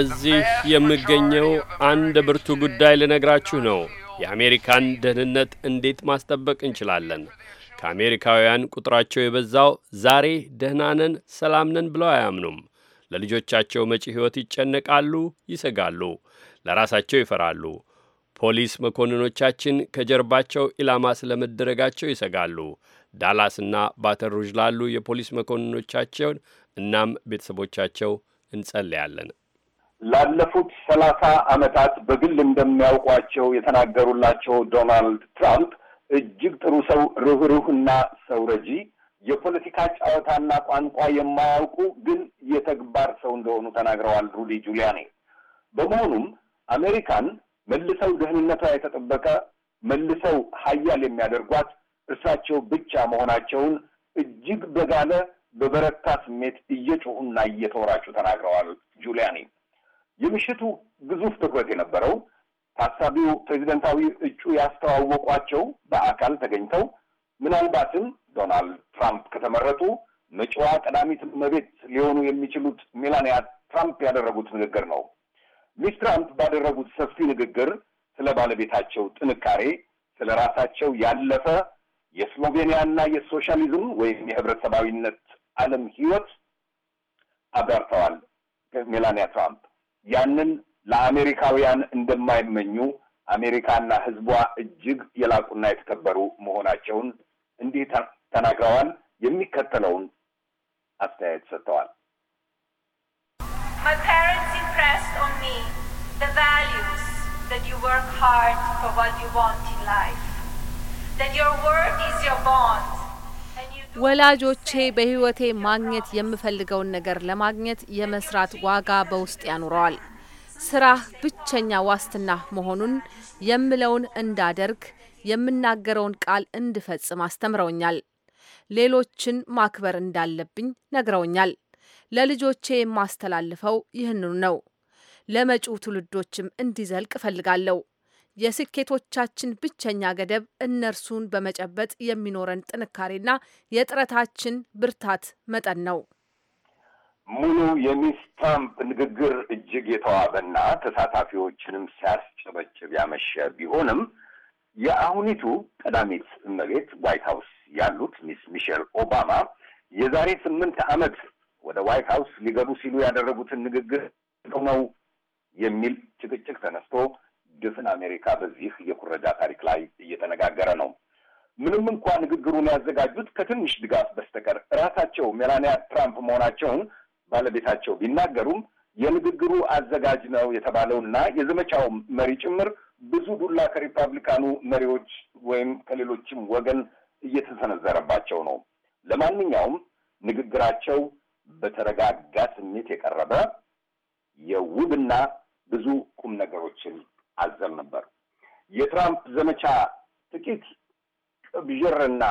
እዚህ የምገኘው አንድ ብርቱ ጉዳይ ልነግራችሁ ነው የአሜሪካን ደህንነት እንዴት ማስጠበቅ እንችላለን? ከአሜሪካውያን ቁጥራቸው የበዛው ዛሬ ደህናነን ሰላምነን ብለው አያምኑም። ለልጆቻቸው መጪ ሕይወት ይጨነቃሉ፣ ይሰጋሉ፣ ለራሳቸው ይፈራሉ። ፖሊስ መኮንኖቻችን ከጀርባቸው ኢላማ ስለመደረጋቸው ይሰጋሉ። ዳላስና ባተን ሩዥ ላሉ የፖሊስ መኮንኖቻቸውን እናም ቤተሰቦቻቸው እንጸልያለን። ላለፉት ሰላሳ ዓመታት በግል እንደሚያውቋቸው የተናገሩላቸው ዶናልድ ትራምፕ እጅግ ጥሩ ሰው፣ ርኅሩህና ሰው ረጂ፣ የፖለቲካ ጨዋታና ቋንቋ የማያውቁ ግን የተግባር ሰው እንደሆኑ ተናግረዋል ሩዲ ጁሊያኒ። በመሆኑም አሜሪካን መልሰው ደህንነቷ የተጠበቀ መልሰው ሀያል የሚያደርጓት እርሳቸው ብቻ መሆናቸውን እጅግ በጋለ በበረታ ስሜት እየጮሁና እየተወራጩ ተናግረዋል ጁሊያኒ። የምሽቱ ግዙፍ ትኩረት የነበረው ታሳቢው ፕሬዚደንታዊ እጩ ያስተዋወቋቸው በአካል ተገኝተው ምናልባትም ዶናልድ ትራምፕ ከተመረጡ መጪዋ ቀዳሚት እመቤት ሊሆኑ የሚችሉት ሜላንያ ትራምፕ ያደረጉት ንግግር ነው። ሚስ ትራምፕ ባደረጉት ሰፊ ንግግር ስለ ባለቤታቸው ጥንካሬ፣ ስለ ራሳቸው ያለፈ የስሎቬኒያና የሶሻሊዝም ወይም የህብረተሰባዊነት ዓለም ህይወት አብራርተዋል ሜላንያ ትራምፕ ያንን ለአሜሪካውያን እንደማይመኙ አሜሪካና ሕዝቧ እጅግ የላቁና የተከበሩ መሆናቸውን እንዲህ ተናግረዋል። የሚከተለውን አስተያየት ሰጥተዋል። that your word is your bond ወላጆቼ በህይወቴ ማግኘት የምፈልገውን ነገር ለማግኘት የመስራት ዋጋ በውስጥ ያኑረዋል። ስራ ብቸኛ ዋስትና መሆኑን የምለውን እንዳደርግ የምናገረውን ቃል እንድፈጽም አስተምረውኛል። ሌሎችን ማክበር እንዳለብኝ ነግረውኛል። ለልጆቼ የማስተላልፈው ይህንኑ ነው። ለመጪው ትውልዶችም እንዲዘልቅ እፈልጋለሁ። የስኬቶቻችን ብቸኛ ገደብ እነርሱን በመጨበጥ የሚኖረን ጥንካሬና የጥረታችን ብርታት መጠን ነው። ሙሉ የሚስ ትራምፕ ንግግር እጅግ የተዋበና ተሳታፊዎችንም ሲያስጨበጭብ ያመሸ ቢሆንም የአሁኒቱ ቀዳሚት እመቤት ዋይት ሀውስ ያሉት ሚስ ሚሼል ኦባማ የዛሬ ስምንት ዓመት ወደ ዋይት ሀውስ ሊገቡ ሲሉ ያደረጉትን ንግግር ነው የሚል ጭቅጭቅ ተነስቶ ድፍን አሜሪካ በዚህ የኩረጃ ታሪክ ላይ እየተነጋገረ ነው። ምንም እንኳ ንግግሩን ያዘጋጁት ከትንሽ ድጋፍ በስተቀር እራሳቸው ሜላኒያ ትራምፕ መሆናቸውን ባለቤታቸው ቢናገሩም የንግግሩ አዘጋጅ ነው የተባለውና የዘመቻው መሪ ጭምር ብዙ ዱላ ከሪፐብሊካኑ መሪዎች ወይም ከሌሎችም ወገን እየተሰነዘረባቸው ነው። ለማንኛውም ንግግራቸው በተረጋጋ ስሜት የቀረበ የውብና ብዙ ቁም ነገሮችን አዘል ነበር። የትራምፕ ዘመቻ ጥቂት ቅብዥርና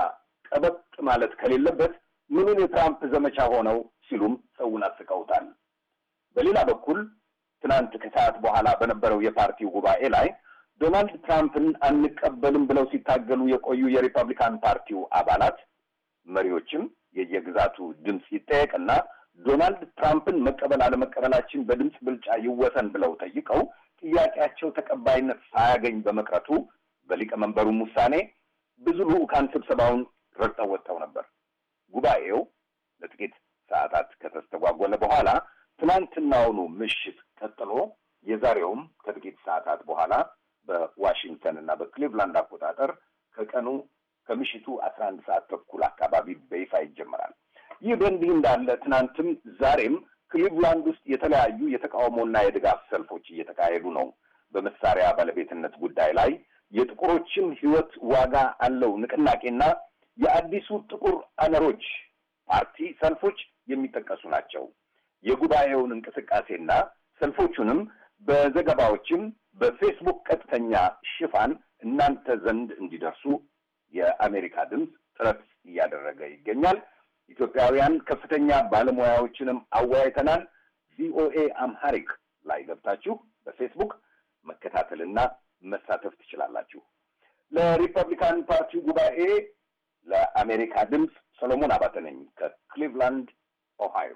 ቀበጥ ማለት ከሌለበት ምንን የትራምፕ ዘመቻ ሆነው ሲሉም ሰውን አስቀውታል። በሌላ በኩል ትናንት ከሰዓት በኋላ በነበረው የፓርቲው ጉባኤ ላይ ዶናልድ ትራምፕን አንቀበልም ብለው ሲታገሉ የቆዩ የሪፐብሊካን ፓርቲው አባላት መሪዎችም የየግዛቱ ድምፅ ይጠየቅና ዶናልድ ትራምፕን መቀበል አለመቀበላችን በድምፅ ብልጫ ይወሰን ብለው ጠይቀው ጥያቄያቸው ተቀባይነት ሳያገኝ በመቅረቱ በሊቀመንበሩም ውሳኔ ብዙ ልዑካን ስብሰባውን ረግጠው ወጥተው ነበር። ጉባኤው ለጥቂት ሰዓታት ከተስተጓጎለ በኋላ ትናንትናውኑ ምሽት ቀጥሎ የዛሬውም ከጥቂት ሰዓታት በኋላ በዋሽንግተን እና በክሊቭላንድ አቆጣጠር ከቀኑ ከምሽቱ አስራ አንድ ሰዓት ተኩል አካባቢ በይፋ ይጀምራል። ይህ በእንዲህ እንዳለ ትናንትም ዛሬም ክሊቭላንድ ውስጥ የተለያዩ የተቃውሞና የድጋፍ ሰልፎች እየተካሄዱ ነው። በመሳሪያ ባለቤትነት ጉዳይ ላይ የጥቁሮችን ሕይወት ዋጋ አለው ንቅናቄና የአዲሱ ጥቁር አነሮች ፓርቲ ሰልፎች የሚጠቀሱ ናቸው። የጉባኤውን እንቅስቃሴና ሰልፎቹንም በዘገባዎችም በፌስቡክ ቀጥተኛ ሽፋን እናንተ ዘንድ እንዲደርሱ የአሜሪካ ድምፅ ጥረት እያደረገ ይገኛል። ኢትዮጵያውያን ከፍተኛ ባለሙያዎችንም አወያይተናል። ቪኦኤ አምሃሪክ ላይ ገብታችሁ በፌስቡክ መከታተልና መሳተፍ ትችላላችሁ። ለሪፐብሊካን ፓርቲ ጉባኤ ለአሜሪካ ድምፅ ሰሎሞን አባተ ነኝ ከክሊቭላንድ ኦሃዮ።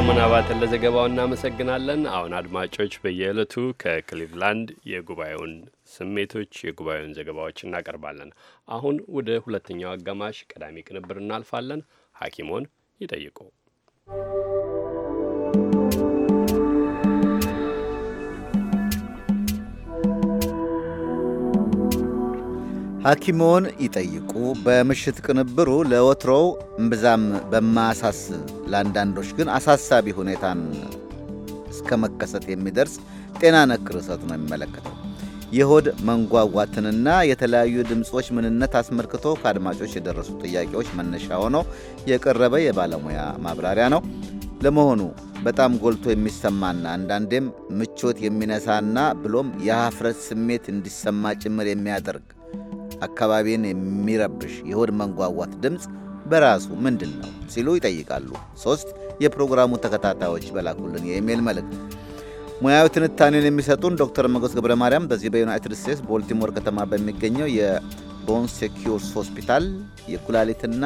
ሰለሞን አባተን ለዘገባው እናመሰግናለን። አሁን አድማጮች በየዕለቱ ከክሊቭላንድ የጉባኤውን ስሜቶች የጉባኤውን ዘገባዎች እናቀርባለን። አሁን ወደ ሁለተኛው አጋማሽ ቀዳሚ ቅንብር እናልፋለን። ሐኪሞን ይጠይቁ ሐኪሞን ይጠይቁ በምሽት ቅንብሩ ለወትሮው እምብዛም በማያሳስብ ለአንዳንዶች ግን አሳሳቢ ሁኔታን እስከ መከሰት የሚደርስ ጤና ነክ ርዕሰት ነው የሚመለከተው። የሆድ መንጓጓትንና የተለያዩ ድምፆች ምንነት አስመልክቶ ከአድማጮች የደረሱ ጥያቄዎች መነሻ ሆኖ የቀረበ የባለሙያ ማብራሪያ ነው። ለመሆኑ በጣም ጎልቶ የሚሰማና አንዳንዴም ምቾት የሚነሳና ብሎም የሀፍረት ስሜት እንዲሰማ ጭምር የሚያደርግ አካባቢን የሚረብሽ የሆድ መንጓጓት ድምፅ በራሱ ምንድን ነው ሲሉ ይጠይቃሉ። ሶስት የፕሮግራሙ ተከታታዮች በላኩልን የኢሜይል መልእክት ሙያዊ ትንታኔን የሚሰጡን ዶክተር መጎስ ገብረ ማርያም በዚህ በዩናይትድ ስቴትስ ቦልቲሞር ከተማ በሚገኘው የቦን ሴኪርስ ሆስፒታል የኩላሊትና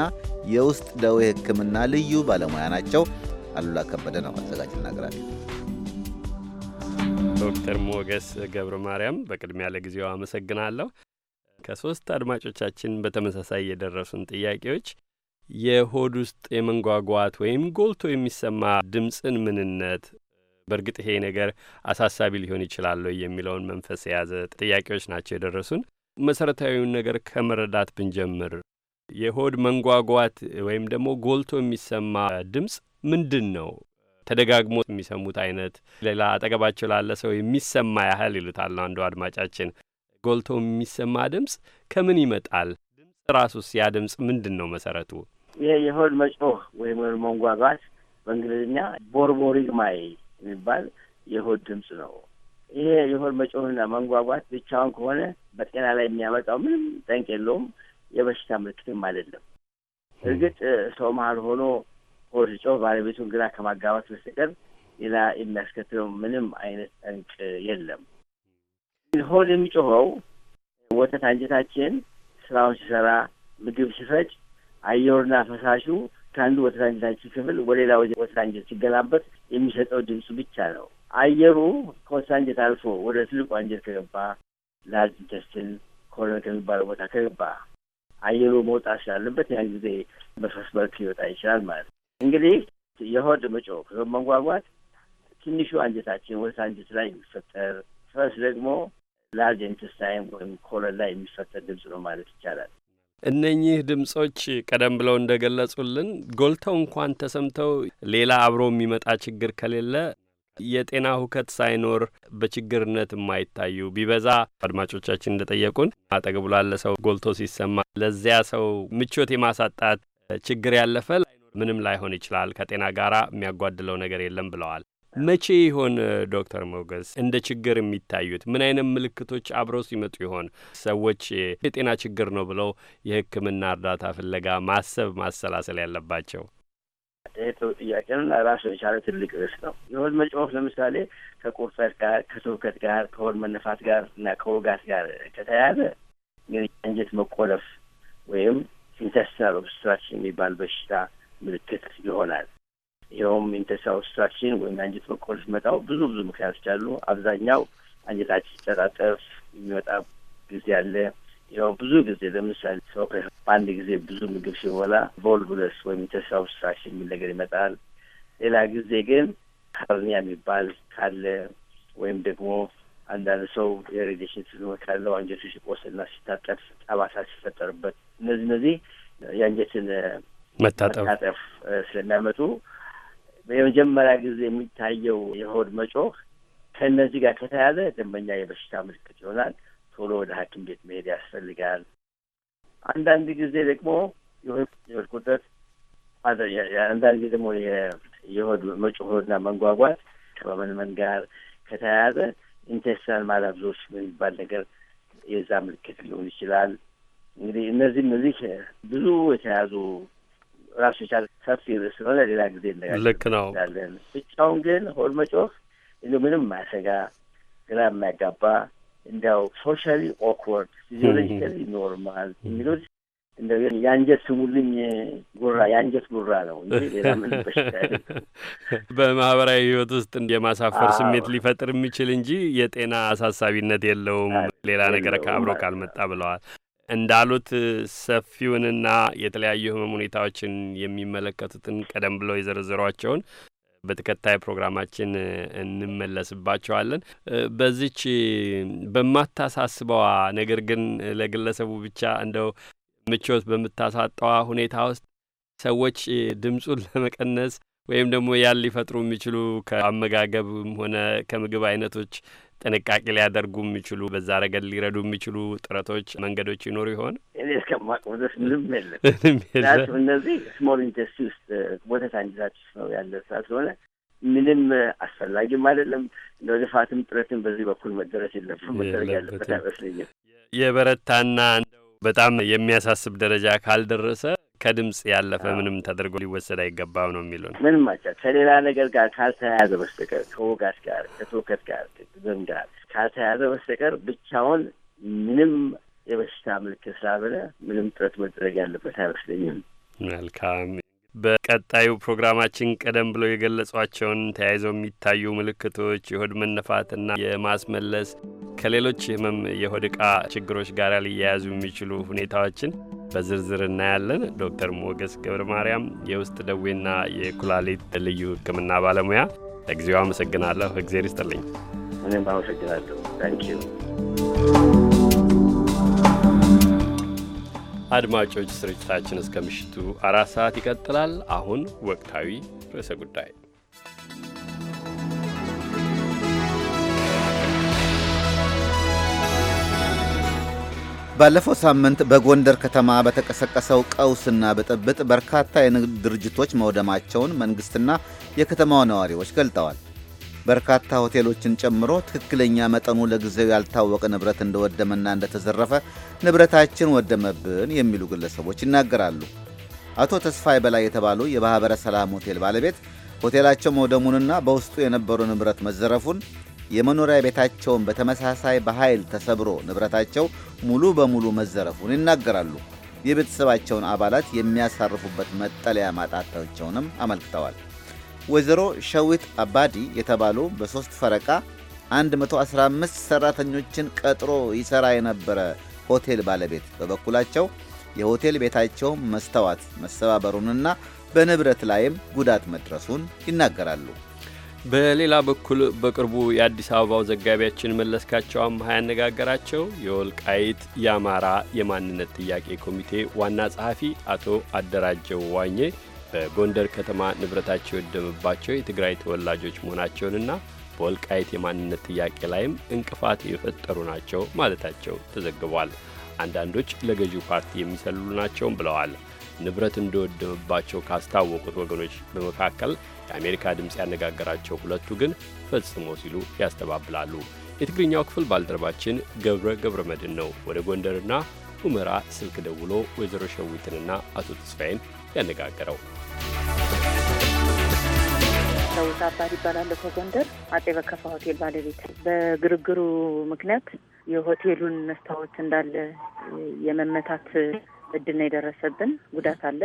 የውስጥ ደዌ ሕክምና ልዩ ባለሙያ ናቸው። አሉላ ከበደ ነው አዘጋጅና አቅራቢ። ዶክተር ሞገስ ገብረ ማርያም በቅድሚያ ለጊዜው አመሰግናለሁ። ከሶስት አድማጮቻችን በተመሳሳይ የደረሱን ጥያቄዎች የሆድ ውስጥ የመንጓጓት ወይም ጎልቶ የሚሰማ ድምፅን ምንነት፣ በእርግጥ ይሄ ነገር አሳሳቢ ሊሆን ይችላል የሚለውን መንፈስ የያዘ ጥያቄዎች ናቸው የደረሱን። መሰረታዊውን ነገር ከመረዳት ብንጀምር የሆድ መንጓጓት ወይም ደግሞ ጎልቶ የሚሰማ ድምፅ ምንድን ነው? ተደጋግሞ የሚሰሙት አይነት ሌላ አጠገባቸው ላለ ሰው የሚሰማ ያህል ይሉታል አንዱ አድማጫችን። ጎልቶ የሚሰማ ድምፅ ከምን ይመጣል? ድምፅ ራሱስ ያ ድምፅ ምንድን ነው መሰረቱ? ይሄ የሆድ መጮህ ወይም መንጓጓት በእንግሊዝኛ ቦርቦሪግማይ የሚባል የሆድ ድምፅ ነው። ይሄ የሆድ መጮህና መንጓጓት ብቻውን ከሆነ በጤና ላይ የሚያመጣው ምንም ጠንቅ የለውም፣ የበሽታ ምልክትም አይደለም። እርግጥ ሰው መሀል ሆኖ ሆድ ሲጮህ ባለቤቱን ግራ ከማጋባት በስተቀር ሌላ የሚያስከትለው ምንም አይነት ጠንቅ የለም። ሆድ የሚጮኸው ወተት አንጀታችን ስራውን ሲሰራ ምግብ ሲፈጭ አየሩና ፈሳሹ ከአንዱ ወተት አንጀታችን ክፍል ወደ ሌላ ወተት አንጀት ሲገላበት የሚሰጠው ድምፅ ብቻ ነው። አየሩ ከወተት አንጀት አልፎ ወደ ትልቁ አንጀት ከገባ ላርጅ ኢንተስትን ኮሎን ከሚባለው ቦታ ከገባ አየሩ መውጣት ስላለበት ያን ጊዜ በፈስ መልክ ሊወጣ ይችላል ማለት ነው። እንግዲህ የሆድ መጮህ መንጓጓት ትንሹ አንጀታችን ወተት አንጀት ላይ የሚፈጠር ፈስ ደግሞ ላርጅ ኢንተስታይን ወይም ላይ የሚፈጠር ድምጽ ነው ማለት ይቻላል። እነኚህ ድምጾች ቀደም ብለው እንደገለጹልን ጎልተው እንኳን ተሰምተው ሌላ አብሮ የሚመጣ ችግር ከሌለ የጤና ሁከት ሳይኖር በችግርነት የማይታዩ ቢበዛ አድማጮቻችን እንደጠየቁን አጠገቡ ላለ ሰው ጎልቶ ሲሰማ ለዚያ ሰው ምቾት የማሳጣት ችግር ያለፈ ምንም ላይሆን ይችላል፣ ከጤና ጋር የሚያጓድለው ነገር የለም ብለዋል። መቼ ይሆን ዶክተር ሞገስ እንደ ችግር የሚታዩት ምን አይነት ምልክቶች አብረው ሲመጡ ይሆን? ሰዎች የጤና ችግር ነው ብለው የሕክምና እርዳታ ፍለጋ ማሰብ ማሰላሰል ያለባቸው? ይህ ጥያቄን ራሱ የቻለ ትልቅ ርዕስ ነው። የሆድ መጫወት ለምሳሌ ከቁርጠት ጋር፣ ከትውከት ጋር፣ ከሆድ መነፋት ጋር እና ከውጋት ጋር ከተያያዘ የአንጀት መቆለፍ ወይም ኢንተስትናል ኦብስትራክሽን የሚባል በሽታ ምልክት ይሆናል። ይኸውም ኢንተሳ ኦብስትራክሽን ወይም የአንጀት መቆረጥ ሲመጣው ብዙ ብዙ ምክንያቶች አሉ። አብዛኛው አንጀታችን ሲጠራጠፍ የሚወጣ ጊዜ አለ። ያው ብዙ ጊዜ ለምሳሌ ሰው በአንድ ጊዜ ብዙ ምግብ ሲበላ ቮልቡለስ ወይም ኢንተሳ ኦብስትራክሽን የሚል ነገር ይመጣል። ሌላ ጊዜ ግን ካርኒያ የሚባል ካለ ወይም ደግሞ አንዳንድ ሰው የሬዲሽን ትዝመት ካለው አንጀቱ ሲቆስልና ሲታጠፍ ጠባሳ ሲፈጠርበት እነዚህ እነዚህ የአንጀትን መታጠፍ ስለሚያመጡ በመጀመሪያ ጊዜ የሚታየው የሆድ መጮህ ከእነዚህ ጋር ከተያዘ ደንበኛ የበሽታ ምልክት ይሆናል። ቶሎ ወደ ሐኪም ቤት መሄድ ያስፈልጋል። አንዳንድ ጊዜ ደግሞ የሆድ ቁርጠት፣ አንዳንድ ጊዜ ደግሞ የሆድ መጮህና መንጓጓት ከመመንመን ጋር ከተያያዘ ኢንቴስቲናል ማላብዞች የሚባል ነገር የዛ ምልክት ሊሆን ይችላል። እንግዲህ እነዚህ እነዚህ ብዙ የተያዙ ራሱ የቻለ ሰፊ ርዕስ ነው። ለሌላ ጊዜ እንነጋገርበታለን። ብቻውን ግን ሆድ መጮፍ እንዲሁ ምንም ማያሰጋ ግራ የማያጋባ እንዲያው ሶሻሊ ኦክወርድ ፊዚዮሎጂካሊ ኖርማል የሚሉት እንደው የአንጀት ስሙልኝ ጉራ የአንጀት ጉራ ነው እንጂ ሌላ ምን በሽታ በማህበራዊ ህይወት ውስጥ የማሳፈር ስሜት ሊፈጥር የሚችል እንጂ የጤና አሳሳቢነት የለውም ሌላ ነገር ከአብሮ ካልመጣ ብለዋል። እንዳሉት ሰፊውንና የተለያዩ ህመም ሁኔታዎችን የሚመለከቱትን ቀደም ብለው የዘረዘሯቸውን በተከታይ ፕሮግራማችን እንመለስባቸዋለን። በዚች በማታሳስበዋ ነገር ግን ለግለሰቡ ብቻ እንደው ምቾት በምታሳጠዋ ሁኔታ ውስጥ ሰዎች ድምፁን ለመቀነስ ወይም ደግሞ ያን ሊፈጥሩ የሚችሉ ከአመጋገብም ሆነ ከምግብ አይነቶች ጥንቃቄ ሊያደርጉ የሚችሉ በዛ ረገድ ሊረዱ የሚችሉ ጥረቶች፣ መንገዶች ይኖሩ ይሆን? እኔ እስከማውቀው ድረስ ምንም የለም። ምክንያቱም እነዚህ ስሞል ኢንደስትሪ ውስጥ ወተት አንዲዛች ነው ያለ ስራ ስለሆነ ምንም አስፈላጊም አይደለም። እንደው ልፋትም ጥረትም በዚህ በኩል መደረስ የለብም መደረግ ያለበት አይመስለኝም። የበረታና በጣም የሚያሳስብ ደረጃ ካልደረሰ ከድምፅ ያለፈ ምንም ተደርጎ ሊወሰድ አይገባም ነው የሚሉን። ምንም አቻ ከሌላ ነገር ጋር ካልተያያዘ በስተቀር ከወጋት ጋር ከትውከት ጋር ዘም ጋር ካልተያያዘ በስተቀር ብቻውን ምንም የበሽታ ምልክት ስላልሆነ ምንም ጥረት መደረግ ያለበት አይመስለኝም። መልካም። በቀጣዩ ፕሮግራማችን ቀደም ብሎ የገለጿቸውን ተያይዘው የሚታዩ ምልክቶች የሆድ መነፋትና የማስመለስ ከሌሎች ህመም የሆድ ዕቃ ችግሮች ጋር ሊያያዙ የሚችሉ ሁኔታዎችን በዝርዝር እናያለን። ዶክተር ሞገስ ገብረ ማርያም የውስጥ ደዌና የኩላሊት ልዩ ሕክምና ባለሙያ፣ ለጊዜው አመሰግናለሁ። እግዜር ይስጥልኝ። እኔም አመሰግናለሁ። አድማጮች ስርጭታችን እስከ ምሽቱ አራት ሰዓት ይቀጥላል። አሁን ወቅታዊ ርዕሰ ጉዳይ ባለፈው ሳምንት በጎንደር ከተማ በተቀሰቀሰው ቀውስና ብጥብጥ በርካታ የንግድ ድርጅቶች መውደማቸውን መንግሥትና የከተማው ነዋሪዎች ገልጠዋል። በርካታ ሆቴሎችን ጨምሮ ትክክለኛ መጠኑ ለጊዜው ያልታወቀ ንብረት እንደወደመና እንደተዘረፈ ንብረታችን ወደመብን የሚሉ ግለሰቦች ይናገራሉ። አቶ ተስፋይ በላይ የተባሉ የባህበረ ሰላም ሆቴል ባለቤት ሆቴላቸው መውደሙንና በውስጡ የነበሩ ንብረት መዘረፉን የመኖሪያ ቤታቸውን በተመሳሳይ በኃይል ተሰብሮ ንብረታቸው ሙሉ በሙሉ መዘረፉን ይናገራሉ። የቤተሰባቸውን አባላት የሚያሳርፉበት መጠለያ ማጣታቸውንም አመልክተዋል። ወይዘሮ ሸዊት አባዲ የተባሉ በሦስት ፈረቃ 115 ሰራተኞችን ቀጥሮ ይሠራ የነበረ ሆቴል ባለቤት በበኩላቸው የሆቴል ቤታቸው መስተዋት መሰባበሩንና በንብረት ላይም ጉዳት መድረሱን ይናገራሉ። በሌላ በኩል በቅርቡ የአዲስ አበባው ዘጋቢያችን መለስካቸው አምሃ ያነጋገራቸው የወልቃይት የአማራ የማንነት ጥያቄ ኮሚቴ ዋና ጸሐፊ አቶ አደራጀው ዋኜ በጎንደር ከተማ ንብረታቸው የወደመባቸው የትግራይ ተወላጆች መሆናቸውንና በወልቃይት የማንነት ጥያቄ ላይም እንቅፋት የፈጠሩ ናቸው ማለታቸው ተዘግቧል። አንዳንዶች ለገዢው ፓርቲ የሚሰልሉ ናቸውም ብለዋል። ንብረት እንደወደመባቸው ካስታወቁት ወገኖች በመካከል የአሜሪካ ድምፅ ያነጋገራቸው ሁለቱ ግን ፈጽሞ ሲሉ ያስተባብላሉ። የትግርኛው ክፍል ባልደረባችን ገብረ ገብረ መድን ነው ወደ ጎንደርና ሁመራ ስልክ ደውሎ ወይዘሮ ሸዊትንና አቶ ተስፋዬን ያነጋገረው። ሰውት አባድ ይባላለሁ። ከጎንደር አጤ በከፋ ሆቴል ባለቤት። በግርግሩ ምክንያት የሆቴሉን መስታወት እንዳለ የመመታት እድል ነው የደረሰብን። ጉዳት አለ።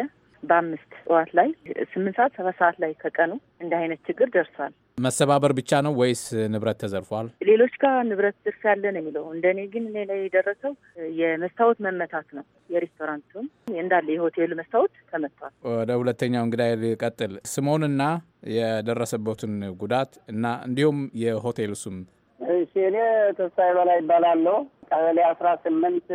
በአምስት ጠዋት ላይ ስምንት ሰዓት ሰባት ሰዓት ላይ ከቀኑ እንዲህ አይነት ችግር ደርሷል። መሰባበር ብቻ ነው ወይስ ንብረት ተዘርፏል? ሌሎች ጋር ንብረት ዝርፍ ያለ ነው የሚለው። እኔ ግን እኔ ላይ የደረሰው የመስታወት መመታት ነው። የሬስቶራንቱም እንዳለ የሆቴሉ መስታወት ተመቷል። ወደ ሁለተኛው እንግዳ ልቀጥል። ስሞንና የደረሰበትን ጉዳት እና እንዲሁም የሆቴል ሱም። እሺ፣ እኔ ተስፋዬ በላይ ይባላለሁ። ቀበሌ አስራ ስምንት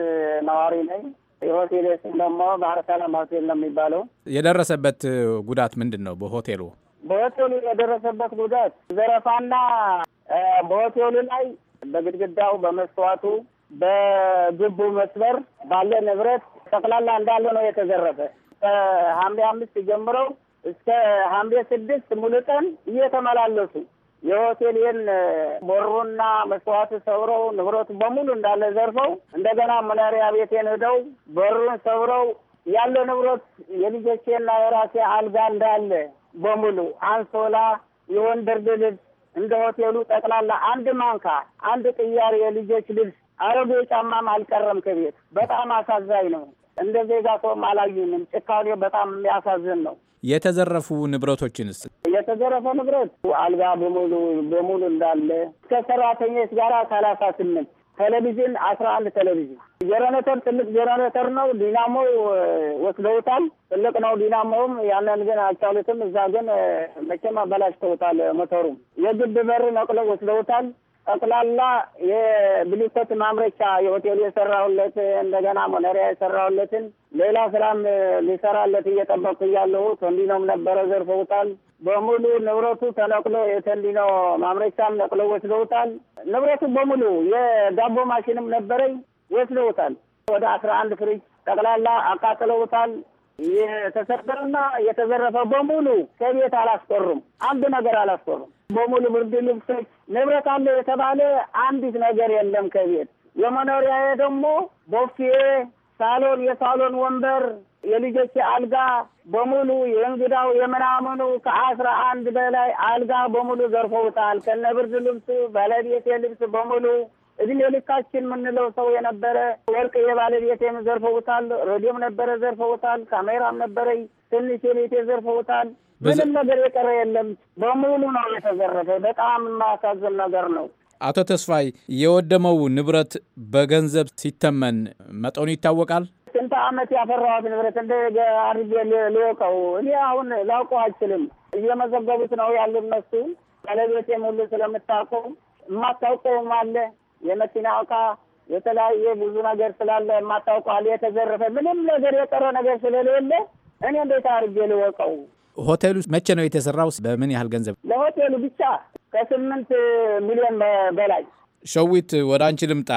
ነዋሪ ነኝ። የሆቴል ስም ደግሞ ባህረ ሰላም ሆቴል ነው የሚባለው። የደረሰበት ጉዳት ምንድን ነው? በሆቴሉ በሆቴሉ የደረሰበት ጉዳት ዘረፋና በሆቴሉ ላይ በግድግዳው፣ በመስተዋቱ፣ በግቡ መስበር ባለ ንብረት ጠቅላላ እንዳለ ነው የተዘረፈ። ከሐምሌ አምስት ጀምረው እስከ ሐምሌ ስድስት ሙሉ ቀን እየተመላለሱ የሆቴል ይህን ቦሩና መስዋዕት ሰብረው ንብረቱ በሙሉ እንዳለ ዘርፈው እንደገና መኖሪያ ቤቴን ሄደው በሩን ሰብረው ያለ ንብረት የልጆቼና የራሴ አልጋ እንዳለ በሙሉ አንሶላ፣ የወንበር ልብስ እንደ ሆቴሉ ጠቅላላ አንድ ማንካ፣ አንድ ጥያር የልጆች ልብስ፣ አረጌ ጫማም አልቀረም ከቤት። በጣም አሳዛኝ ነው። እንደ ዜጋ ሰውም አላዩንም። ጭካኔ በጣም የሚያሳዝን ነው። የተዘረፉ ንብረቶችንስ? የተዘረፈ ንብረት አልጋ በሙሉ በሙሉ እንዳለ እስከ ሰራተኞች ጋር ሰላሳ ስምንት ቴሌቪዥን አስራ አንድ ቴሌቪዥን ጀረነተር ትልቅ ጀረነተር ነው። ዲናሞ ወስደውታል። ትልቅ ነው ዲናሞውም። ያንን ግን አልቻሉትም። እዛ ግን መቼም አበላሽተውታል ሞተሩም። የግብ በር ነቅለው ወስደውታል። ጠቅላላ የብሉሰት ማምረቻ የሆቴሉ የሰራሁለት እንደገና መኖሪያ የሰራሁለትን ሌላ ስራም ሊሰራለት እየጠበቅኩ እያለሁ ተንዲኖም ነበረ ዘርፈውታል። በሙሉ ንብረቱ ተነቅሎ የተንዲኖ ማምረቻም ነቅሎ ወስደውታል። ንብረቱ በሙሉ የዳቦ ማሽንም ነበረኝ ወስደውታል። ወደ አስራ አንድ ፍሪጅ ጠቅላላ አቃጥለውታል። የተሰበረና የተዘረፈ በሙሉ ከቤት አላስቀሩም። አንድ ነገር አላስቀሩም። በሙሉ ብርድ ልብሶች፣ ንብረት አለ የተባለ አንዲት ነገር የለም ከቤት የመኖሪያዬ ደግሞ ቦፌ፣ ሳሎን፣ የሳሎን ወንበር፣ የልጆች አልጋ በሙሉ የእንግዳው የምናምኑ ከአስራ አንድ በላይ አልጋ በሙሉ ዘርፈውታል። ከነ ብርድ ልብሱ ባለቤት ልብስ በሙሉ እድሜ ልካችን የምንለው ሰው የነበረ ወርቅ የባለቤቴም ዘርፈውታል፣ ሬዲዮም ነበረ ዘርፈውታል፣ ካሜራም ነበረ ትንሽ የቤቴ ዘርፈውታል። ምንም ነገር የቀረ የለም፣ በሙሉ ነው የተዘረፈ። በጣም የማያሳዝን ነገር ነው። አቶ ተስፋይ የወደመው ንብረት በገንዘብ ሲተመን መጠኑ ይታወቃል? ስንት አመት ያፈራሁት ንብረት እንደ አድርጌ ልወቀው? እኔ አሁን ላውቀው አይችልም እየመዘገቡት ነው ያሉ እነሱ። ባለቤቴም ሁሉ ስለምታውቀው የማታውቀውም አለ የመኪና እቃ የተለያየ ብዙ ነገር ስላለ የማታውቋል። የተዘረፈ ምንም ነገር የቀረ ነገር ስለሌለ እኔ እንዴት አድርጌ ልወቀው? ሆቴሉ መቼ ነው የተሰራው? በምን ያህል ገንዘብ? ለሆቴሉ ብቻ ከስምንት ሚሊዮን በላይ ሸዊት ወደ አንቺ ልምጣ።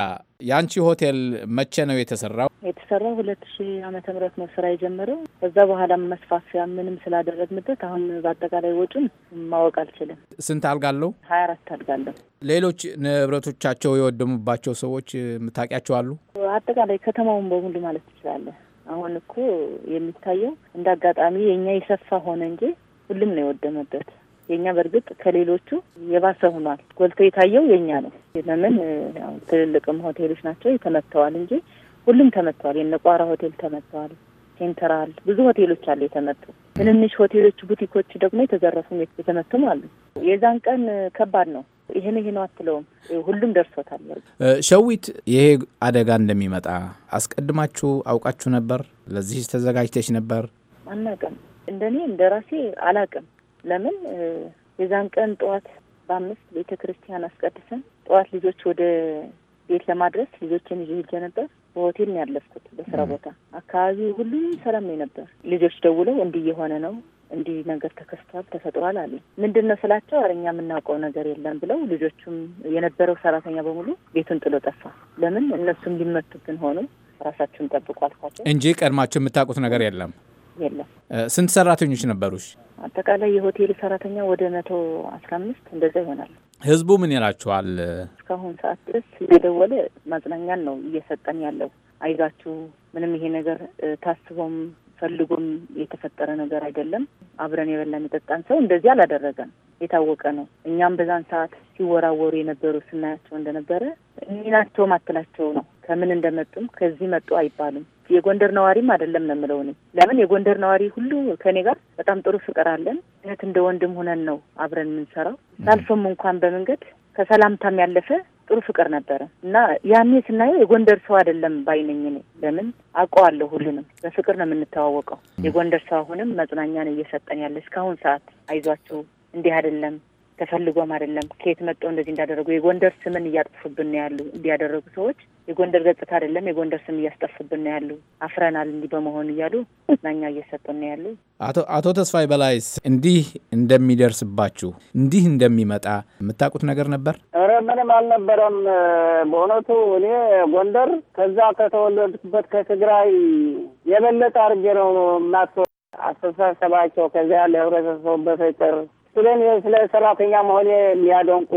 የአንቺ ሆቴል መቼ ነው የተሰራው? የተሰራው ሁለት ሺህ ዓመተ ምህረት ነው ስራ የጀመረው። እዛ በኋላ መስፋፊያ ምንም ስላደረግንበት አሁን በአጠቃላይ ወጪን ማወቅ አልችልም። ስንት አልጋለሁ? ሀያ አራት አልጋለሁ። ሌሎች ንብረቶቻቸው የወደሙባቸው ሰዎች ምታውቂያቸው አሉ? አጠቃላይ ከተማውን በሙሉ ማለት ትችላለን። አሁን እኮ የሚታየው እንደ አጋጣሚ የእኛ የሰፋ ሆነ እንጂ ሁሉም ነው የወደመበት። የእኛ በእርግጥ ከሌሎቹ የባሰ ሆኗል። ጎልቶ የታየው የእኛ ነው። ለምን ትልልቅም ሆቴሎች ናቸው ተመተዋል እንጂ ሁሉም ተመተዋል። የነቋራ ሆቴል ተመተዋል። ሴንትራል ብዙ ሆቴሎች አሉ የተመቱ። ትንንሽ ሆቴሎች፣ ቡቲኮች ደግሞ የተዘረፉ የተመቱም አሉ። የዛን ቀን ከባድ ነው። ይህን ይህ አትለውም። ሁሉም ደርሶታል። ሸዊት፣ ይሄ አደጋ እንደሚመጣ አስቀድማችሁ አውቃችሁ ነበር? ለዚህ ተዘጋጅተች ነበር? አናውቅም። እንደኔ እንደ ራሴ አላውቅም። ለምን የዛን ቀን ጠዋት በአምስት ቤተ ክርስቲያን አስቀድሰን ጠዋት ልጆች ወደ ቤት ለማድረስ ልጆችን ይዤ ሄጄ ነበር። በሆቴል ነው ያለፍኩት። በስራ ቦታ አካባቢ ሁሉም ሰላም ነው ነበር። ልጆች ደውለው እንዲህ የሆነ ነው እንዲህ ነገር ተከስቷል ተፈጥሯል አለ። ምንድን ነው ስላቸው፣ እኛ የምናውቀው ነገር የለም ብለው ልጆቹም የነበረው ሰራተኛ በሙሉ ቤቱን ጥሎ ጠፋ። ለምን እነሱም ሊመቱብን ሆኑ። ራሳችሁን ጠብቁ አልኳቸው እንጂ ቀድማችሁ የምታውቁት ነገር የለም የለም። ስንት ሰራተኞች ነበሩሽ? አጠቃላይ የሆቴል ሰራተኛ ወደ መቶ አስራ አምስት እንደዛ ይሆናል። ህዝቡ ምን ይላችኋል? እስካሁን ሰዓት ድረስ እየደወለ ማጽናኛን ነው እየሰጠን ያለው አይዛችሁ፣ ምንም ይሄ ነገር ታስቦም ፈልጎም የተፈጠረ ነገር አይደለም። አብረን የበላን የጠጣን ሰው እንደዚህ አላደረገም፣ የታወቀ ነው። እኛም በዛን ሰዓት ሲወራወሩ የነበሩ ስናያቸው እንደነበረ እኚህ ናቸው ማትላቸው ነው። ከምን እንደመጡም ከዚህ መጡ አይባሉም። የጎንደር ነዋሪም አይደለም ነው የምለው እኔ። ለምን የጎንደር ነዋሪ ሁሉ ከእኔ ጋር በጣም ጥሩ ፍቅር አለን። እህት እንደ ወንድም ሁነን ነው አብረን የምንሰራው። ሳልፎም እንኳን በመንገድ ከሰላምታም ያለፈ ጥሩ ፍቅር ነበረ እና ያኔ ስናየው የጎንደር ሰው አይደለም ባይነኝ እኔ ለምን አውቀዋለሁ። ሁሉንም በፍቅር ነው የምንተዋወቀው። የጎንደር ሰው አሁንም መጽናኛን እየሰጠን ያለ እስካሁን ሰዓት አይዟችሁ እንዲህ አይደለም ተፈልጎም አይደለም። ከየት መጠው እንደዚህ እንዳደረጉ የጎንደር ስምን እያጠፉብን ነው ያሉ እንዲያደረጉ ሰዎች የጎንደር ገጽታ አይደለም የጎንደር ስም እያስጠፉብን ነው ያሉ አፍረናል እንዲህ በመሆኑ እያሉ ናኛ እየሰጡን ነው ያሉ። አቶ ተስፋይ በላይስ እንዲህ እንደሚደርስባችሁ እንዲህ እንደሚመጣ የምታውቁት ነገር ነበር? ኧረ ምንም አልነበረም። በእውነቱ እኔ ጎንደር ከዛ ከተወለድኩበት ከትግራይ የበለጠ አድርጌ ነው እናት አስተሳሰባቸው ከዚያ ለህብረተሰቡ በፍቅር ስለ እኔ ስለ ሰራተኛ መሆኔ የሚያደንቁ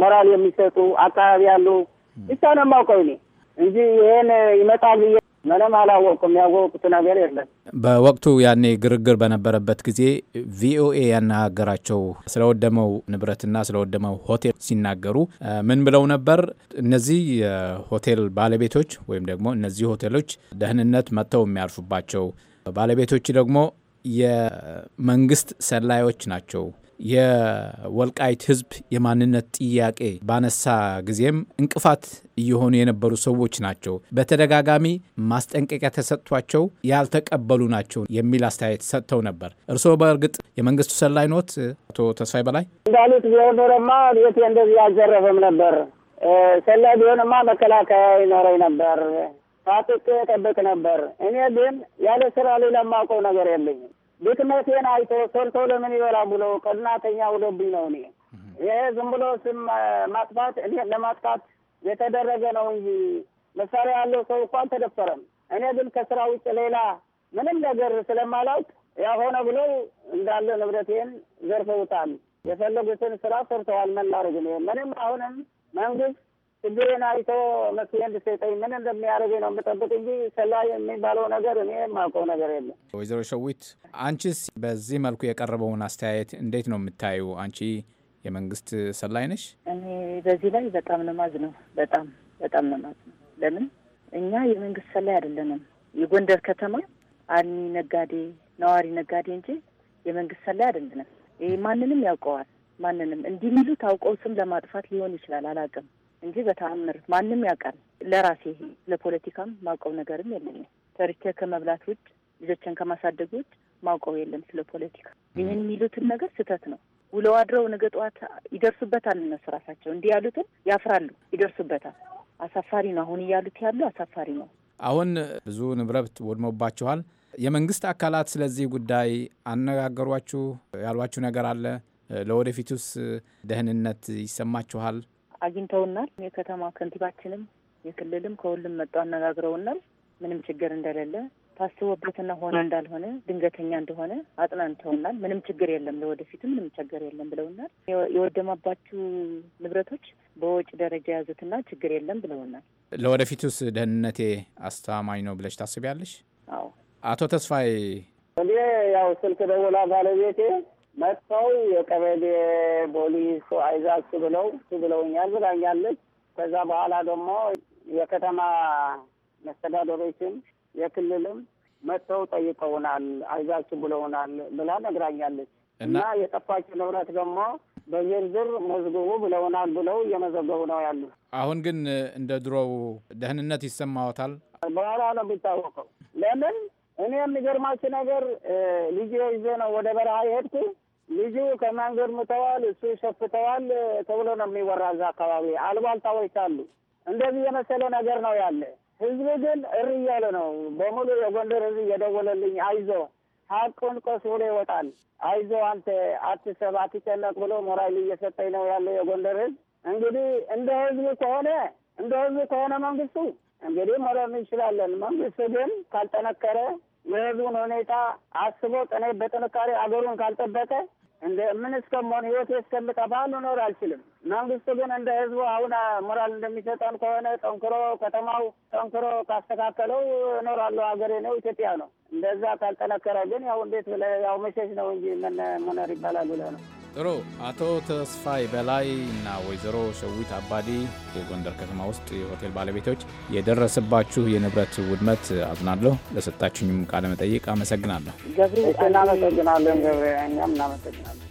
ሞራል የሚሰጡ አካባቢ ያሉ ብቻ ነው የማውቀው እኔ እንጂ ይሄን ይመጣል ምንም አላወቅኩም። ያወቁት ነገር የለም። በወቅቱ ያኔ ግርግር በነበረበት ጊዜ ቪኦኤ ያነጋገራቸው ስለወደመው ንብረትና ስለወደመው ሆቴል ሲናገሩ ምን ብለው ነበር? እነዚህ የሆቴል ባለቤቶች ወይም ደግሞ እነዚህ ሆቴሎች ደህንነት መጥተው የሚያርፉባቸው ባለቤቶች ደግሞ የመንግስት ሰላዮች ናቸው የወልቃይት ህዝብ የማንነት ጥያቄ ባነሳ ጊዜም እንቅፋት እየሆኑ የነበሩ ሰዎች ናቸው። በተደጋጋሚ ማስጠንቀቂያ ተሰጥቷቸው ያልተቀበሉ ናቸው የሚል አስተያየት ሰጥተው ነበር። እርስዎ በእርግጥ የመንግስቱ ሰላይ ኖት? አቶ ተስፋይ በላይ እንዳሉት ቢሆኖረማ ቤቴ እንደዚህ አልዘረፈም ነበር። ሰላይ ቢሆንማ መከላከያ ይኖረኝ ነበር ታጥቄ ጠብቅ ነበር። እኔ ግን ያለ ስራ ሌላ የማውቀው ነገር የለኝም። ድክመቴን አይቶ ሰርቶ ለምን ይበላ ብሎ ቀናተኛ ውሎብኝ ነው። እኔ ይሄ ዝም ብሎ ስም ማጥፋት እኔ ለማጥፋት የተደረገ ነው እንጂ መሳሪያ ያለው ሰው እኮ አልተደፈረም። እኔ ግን ከስራ ውጭ ሌላ ምንም ነገር ስለማላውቅ ያሆነ ብለው እንዳለ ንብረቴን ዘርፈውታል። የፈለጉትን ስራ ሰርተዋል። መላርግ ምንም አሁንም መንግስት ችግርን አይቶ መፍትሄ እንድትሰጠኝ ምን እንደሚያደርገኝ ነው የምጠብቅ እንጂ ሰላ የሚባለው ነገር እኔ የማውቀው ነገር የለም። ወይዘሮ ሸዊት አንቺስ በዚህ መልኩ የቀረበውን አስተያየት እንዴት ነው የምታዩ? አንቺ የመንግስት ሰላይ ነሽ። እኔ በዚህ ላይ በጣም ነማዝ ነው በጣም በጣም ነማዝ ነው። ለምን እኛ የመንግስት ሰላይ አይደለንም። የጎንደር ከተማ አልሚ ነጋዴ ነዋሪ ነጋዴ እንጂ የመንግስት ሰላይ አይደለንም። ይህ ማንንም ያውቀዋል። ማንንም እንዲህ ሚሉ ታውቀው ስም ለማጥፋት ሊሆን ይችላል አላውቅም እንጂ በተአምር ማንም ያውቃል። ለራሴ ለፖለቲካም ማውቀው ነገርም የለኝም። ሰርቼ ከመብላት ውጭ ልጆችን ከማሳደግ ውጭ ማውቀው የለም ስለ ፖለቲካ። ይህን የሚሉትን ነገር ስህተት ነው። ውለው አድረው ነገ ጠዋት ይደርሱበታል። እነሱ ራሳቸው እንዲህ ያሉትን ያፍራሉ፣ ይደርሱበታል። አሳፋሪ ነው። አሁን እያሉት ያሉ አሳፋሪ ነው። አሁን ብዙ ንብረት ወድሞባችኋል። የመንግስት አካላት ስለዚህ ጉዳይ አነጋገሯችሁ? ያሏችሁ ነገር አለ? ለወደፊቱስ ደህንነት ይሰማችኋል? አግኝተውናል። የከተማ ከንቲባችንም የክልልም ከሁሉም መጥተው አነጋግረውናል። ምንም ችግር እንደሌለ ታስቦበትና ሆነ እንዳልሆነ ድንገተኛ እንደሆነ አጥናንተውናል። ምንም ችግር የለም፣ ለወደፊት ምንም ችግር የለም ብለውናል። የወደማባችሁ ንብረቶች በወጪ ደረጃ የያዙትና ችግር የለም ብለውናል። ለወደፊቱስ ደህንነቴ አስተማማኝ ነው ብለሽ ታስቢያለሽ? አዎ። አቶ ተስፋዬ እኔ ያው ስልክ ደውላ ባለቤቴ መጥተው የቀበሌ ፖሊስ አይዛችሁ ብለው ብለውኛል ብላኛለች። ከዛ በኋላ ደግሞ የከተማ መስተዳደሮችም የክልልም መጥተው ጠይቀውናል፣ አይዛችሁ ብለውናል ብላ ነግራኛለች። እና የጠፋችው ንብረት ደግሞ በዝርዝር መዝግቡ ብለውናል ብለው እየመዘገቡ ነው ያሉ። አሁን ግን እንደ ድሮው ደህንነት ይሰማዎታል? በኋላ ነው የሚታወቀው። ለምን እኔ የሚገርማችሁ ነገር ልጅ ይዤ ነው ወደ በረሃ የሄድኩ ልጁ ከመንገድ ሙተዋል፣ እሱ ሸፍተዋል ተብሎ ነው የሚወራ። እዛ አካባቢ አሉባልታዎች አሉ። እንደዚህ የመሰለ ነገር ነው ያለ። ህዝብ ግን እር እያለ ነው በሙሉ የጎንደር ህዝብ እየደወለልኝ አይዞ ሀቁን ቆስ ብሎ ይወጣል። አይዞ አንተ አትሰብ፣ አትጨነቅ ብሎ ሞራይል እየሰጠኝ ነው ያለው የጎንደር ህዝብ። እንግዲህ እንደ ህዝብ ከሆነ እንደ ህዝብ ከሆነ መንግስቱ እንግዲህ መረም እንችላለን። መንግስቱ ግን ካልጠነከረ የህዝቡን ሁኔታ አስቦ ጥኔ በጥንካሬ አገሩን ካልጠበቀ እንደ ምን እስከመሆን ህይወቴ እስከምጠፋ ልኖር አልችልም። መንግስቱ ግን እንደ ህዝቡ አሁን ሞራል እንደሚሰጠን ከሆነ ጠንክሮ ከተማው ጠንክሮ ካስተካከለው እኖራለሁ። ሀገሬ ነው፣ ኢትዮጵያ ነው። እንደዛ ካልጠነከረ ግን ያው እንዴት ያው መሸሽ ነው እንጂ ምን መኖር ይባላል ብለ ነው። ጥሩ አቶ ተስፋይ በላይ እና ወይዘሮ ሸዊት አባዲ የጎንደር ከተማ ውስጥ የሆቴል ባለቤቶች የደረሰባችሁ የንብረት ውድመት አዝናለሁ። ለሰጣችሁኝም ቃለ መጠይቅ አመሰግናለሁ። እናመሰግናለን። ገብሬ እኛም እናመሰግናለን።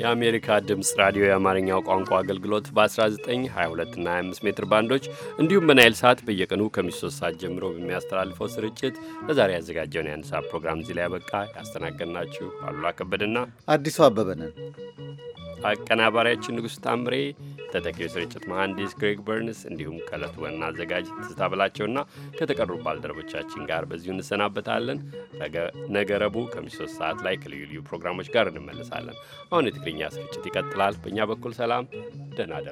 የአሜሪካ ድምፅ ራዲዮ የአማርኛው ቋንቋ አገልግሎት በ1922 እና 25 ሜትር ባንዶች እንዲሁም በናይል ሰዓት በየቀኑ ከምሽቱ 3 ሰዓት ጀምሮ በሚያስተላልፈው ስርጭት ለዛሬ ያዘጋጀውን የአንድ ሰዓት ፕሮግራም እዚህ ላይ ያበቃ። ያስተናገድናችሁ አሉላ ከበደና አዲሱ አበበ ነን። አቀናባሪያችን ንጉሥ ታምሬ፣ ተተኪው ስርጭት መሐንዲስ ግሬግ በርንስ እንዲሁም ከእለቱ ዋና አዘጋጅ ትዝታ ብላቸውና ከተቀሩ ባልደረቦቻችን ጋር በዚሁ እንሰናበታለን። ነገ ረቡዕ ከምሽቱ 3 ሰዓት ላይ ከልዩ ልዩ ፕሮግራሞች ጋር እንመለሳለን። አሁን የትግሪ የትግርኛ ስርጭት ይቀጥላል። በእኛ በኩል ሰላም፣ ደህና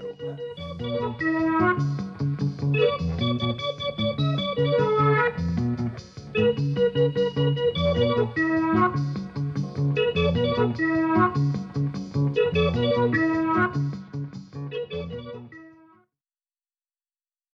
you.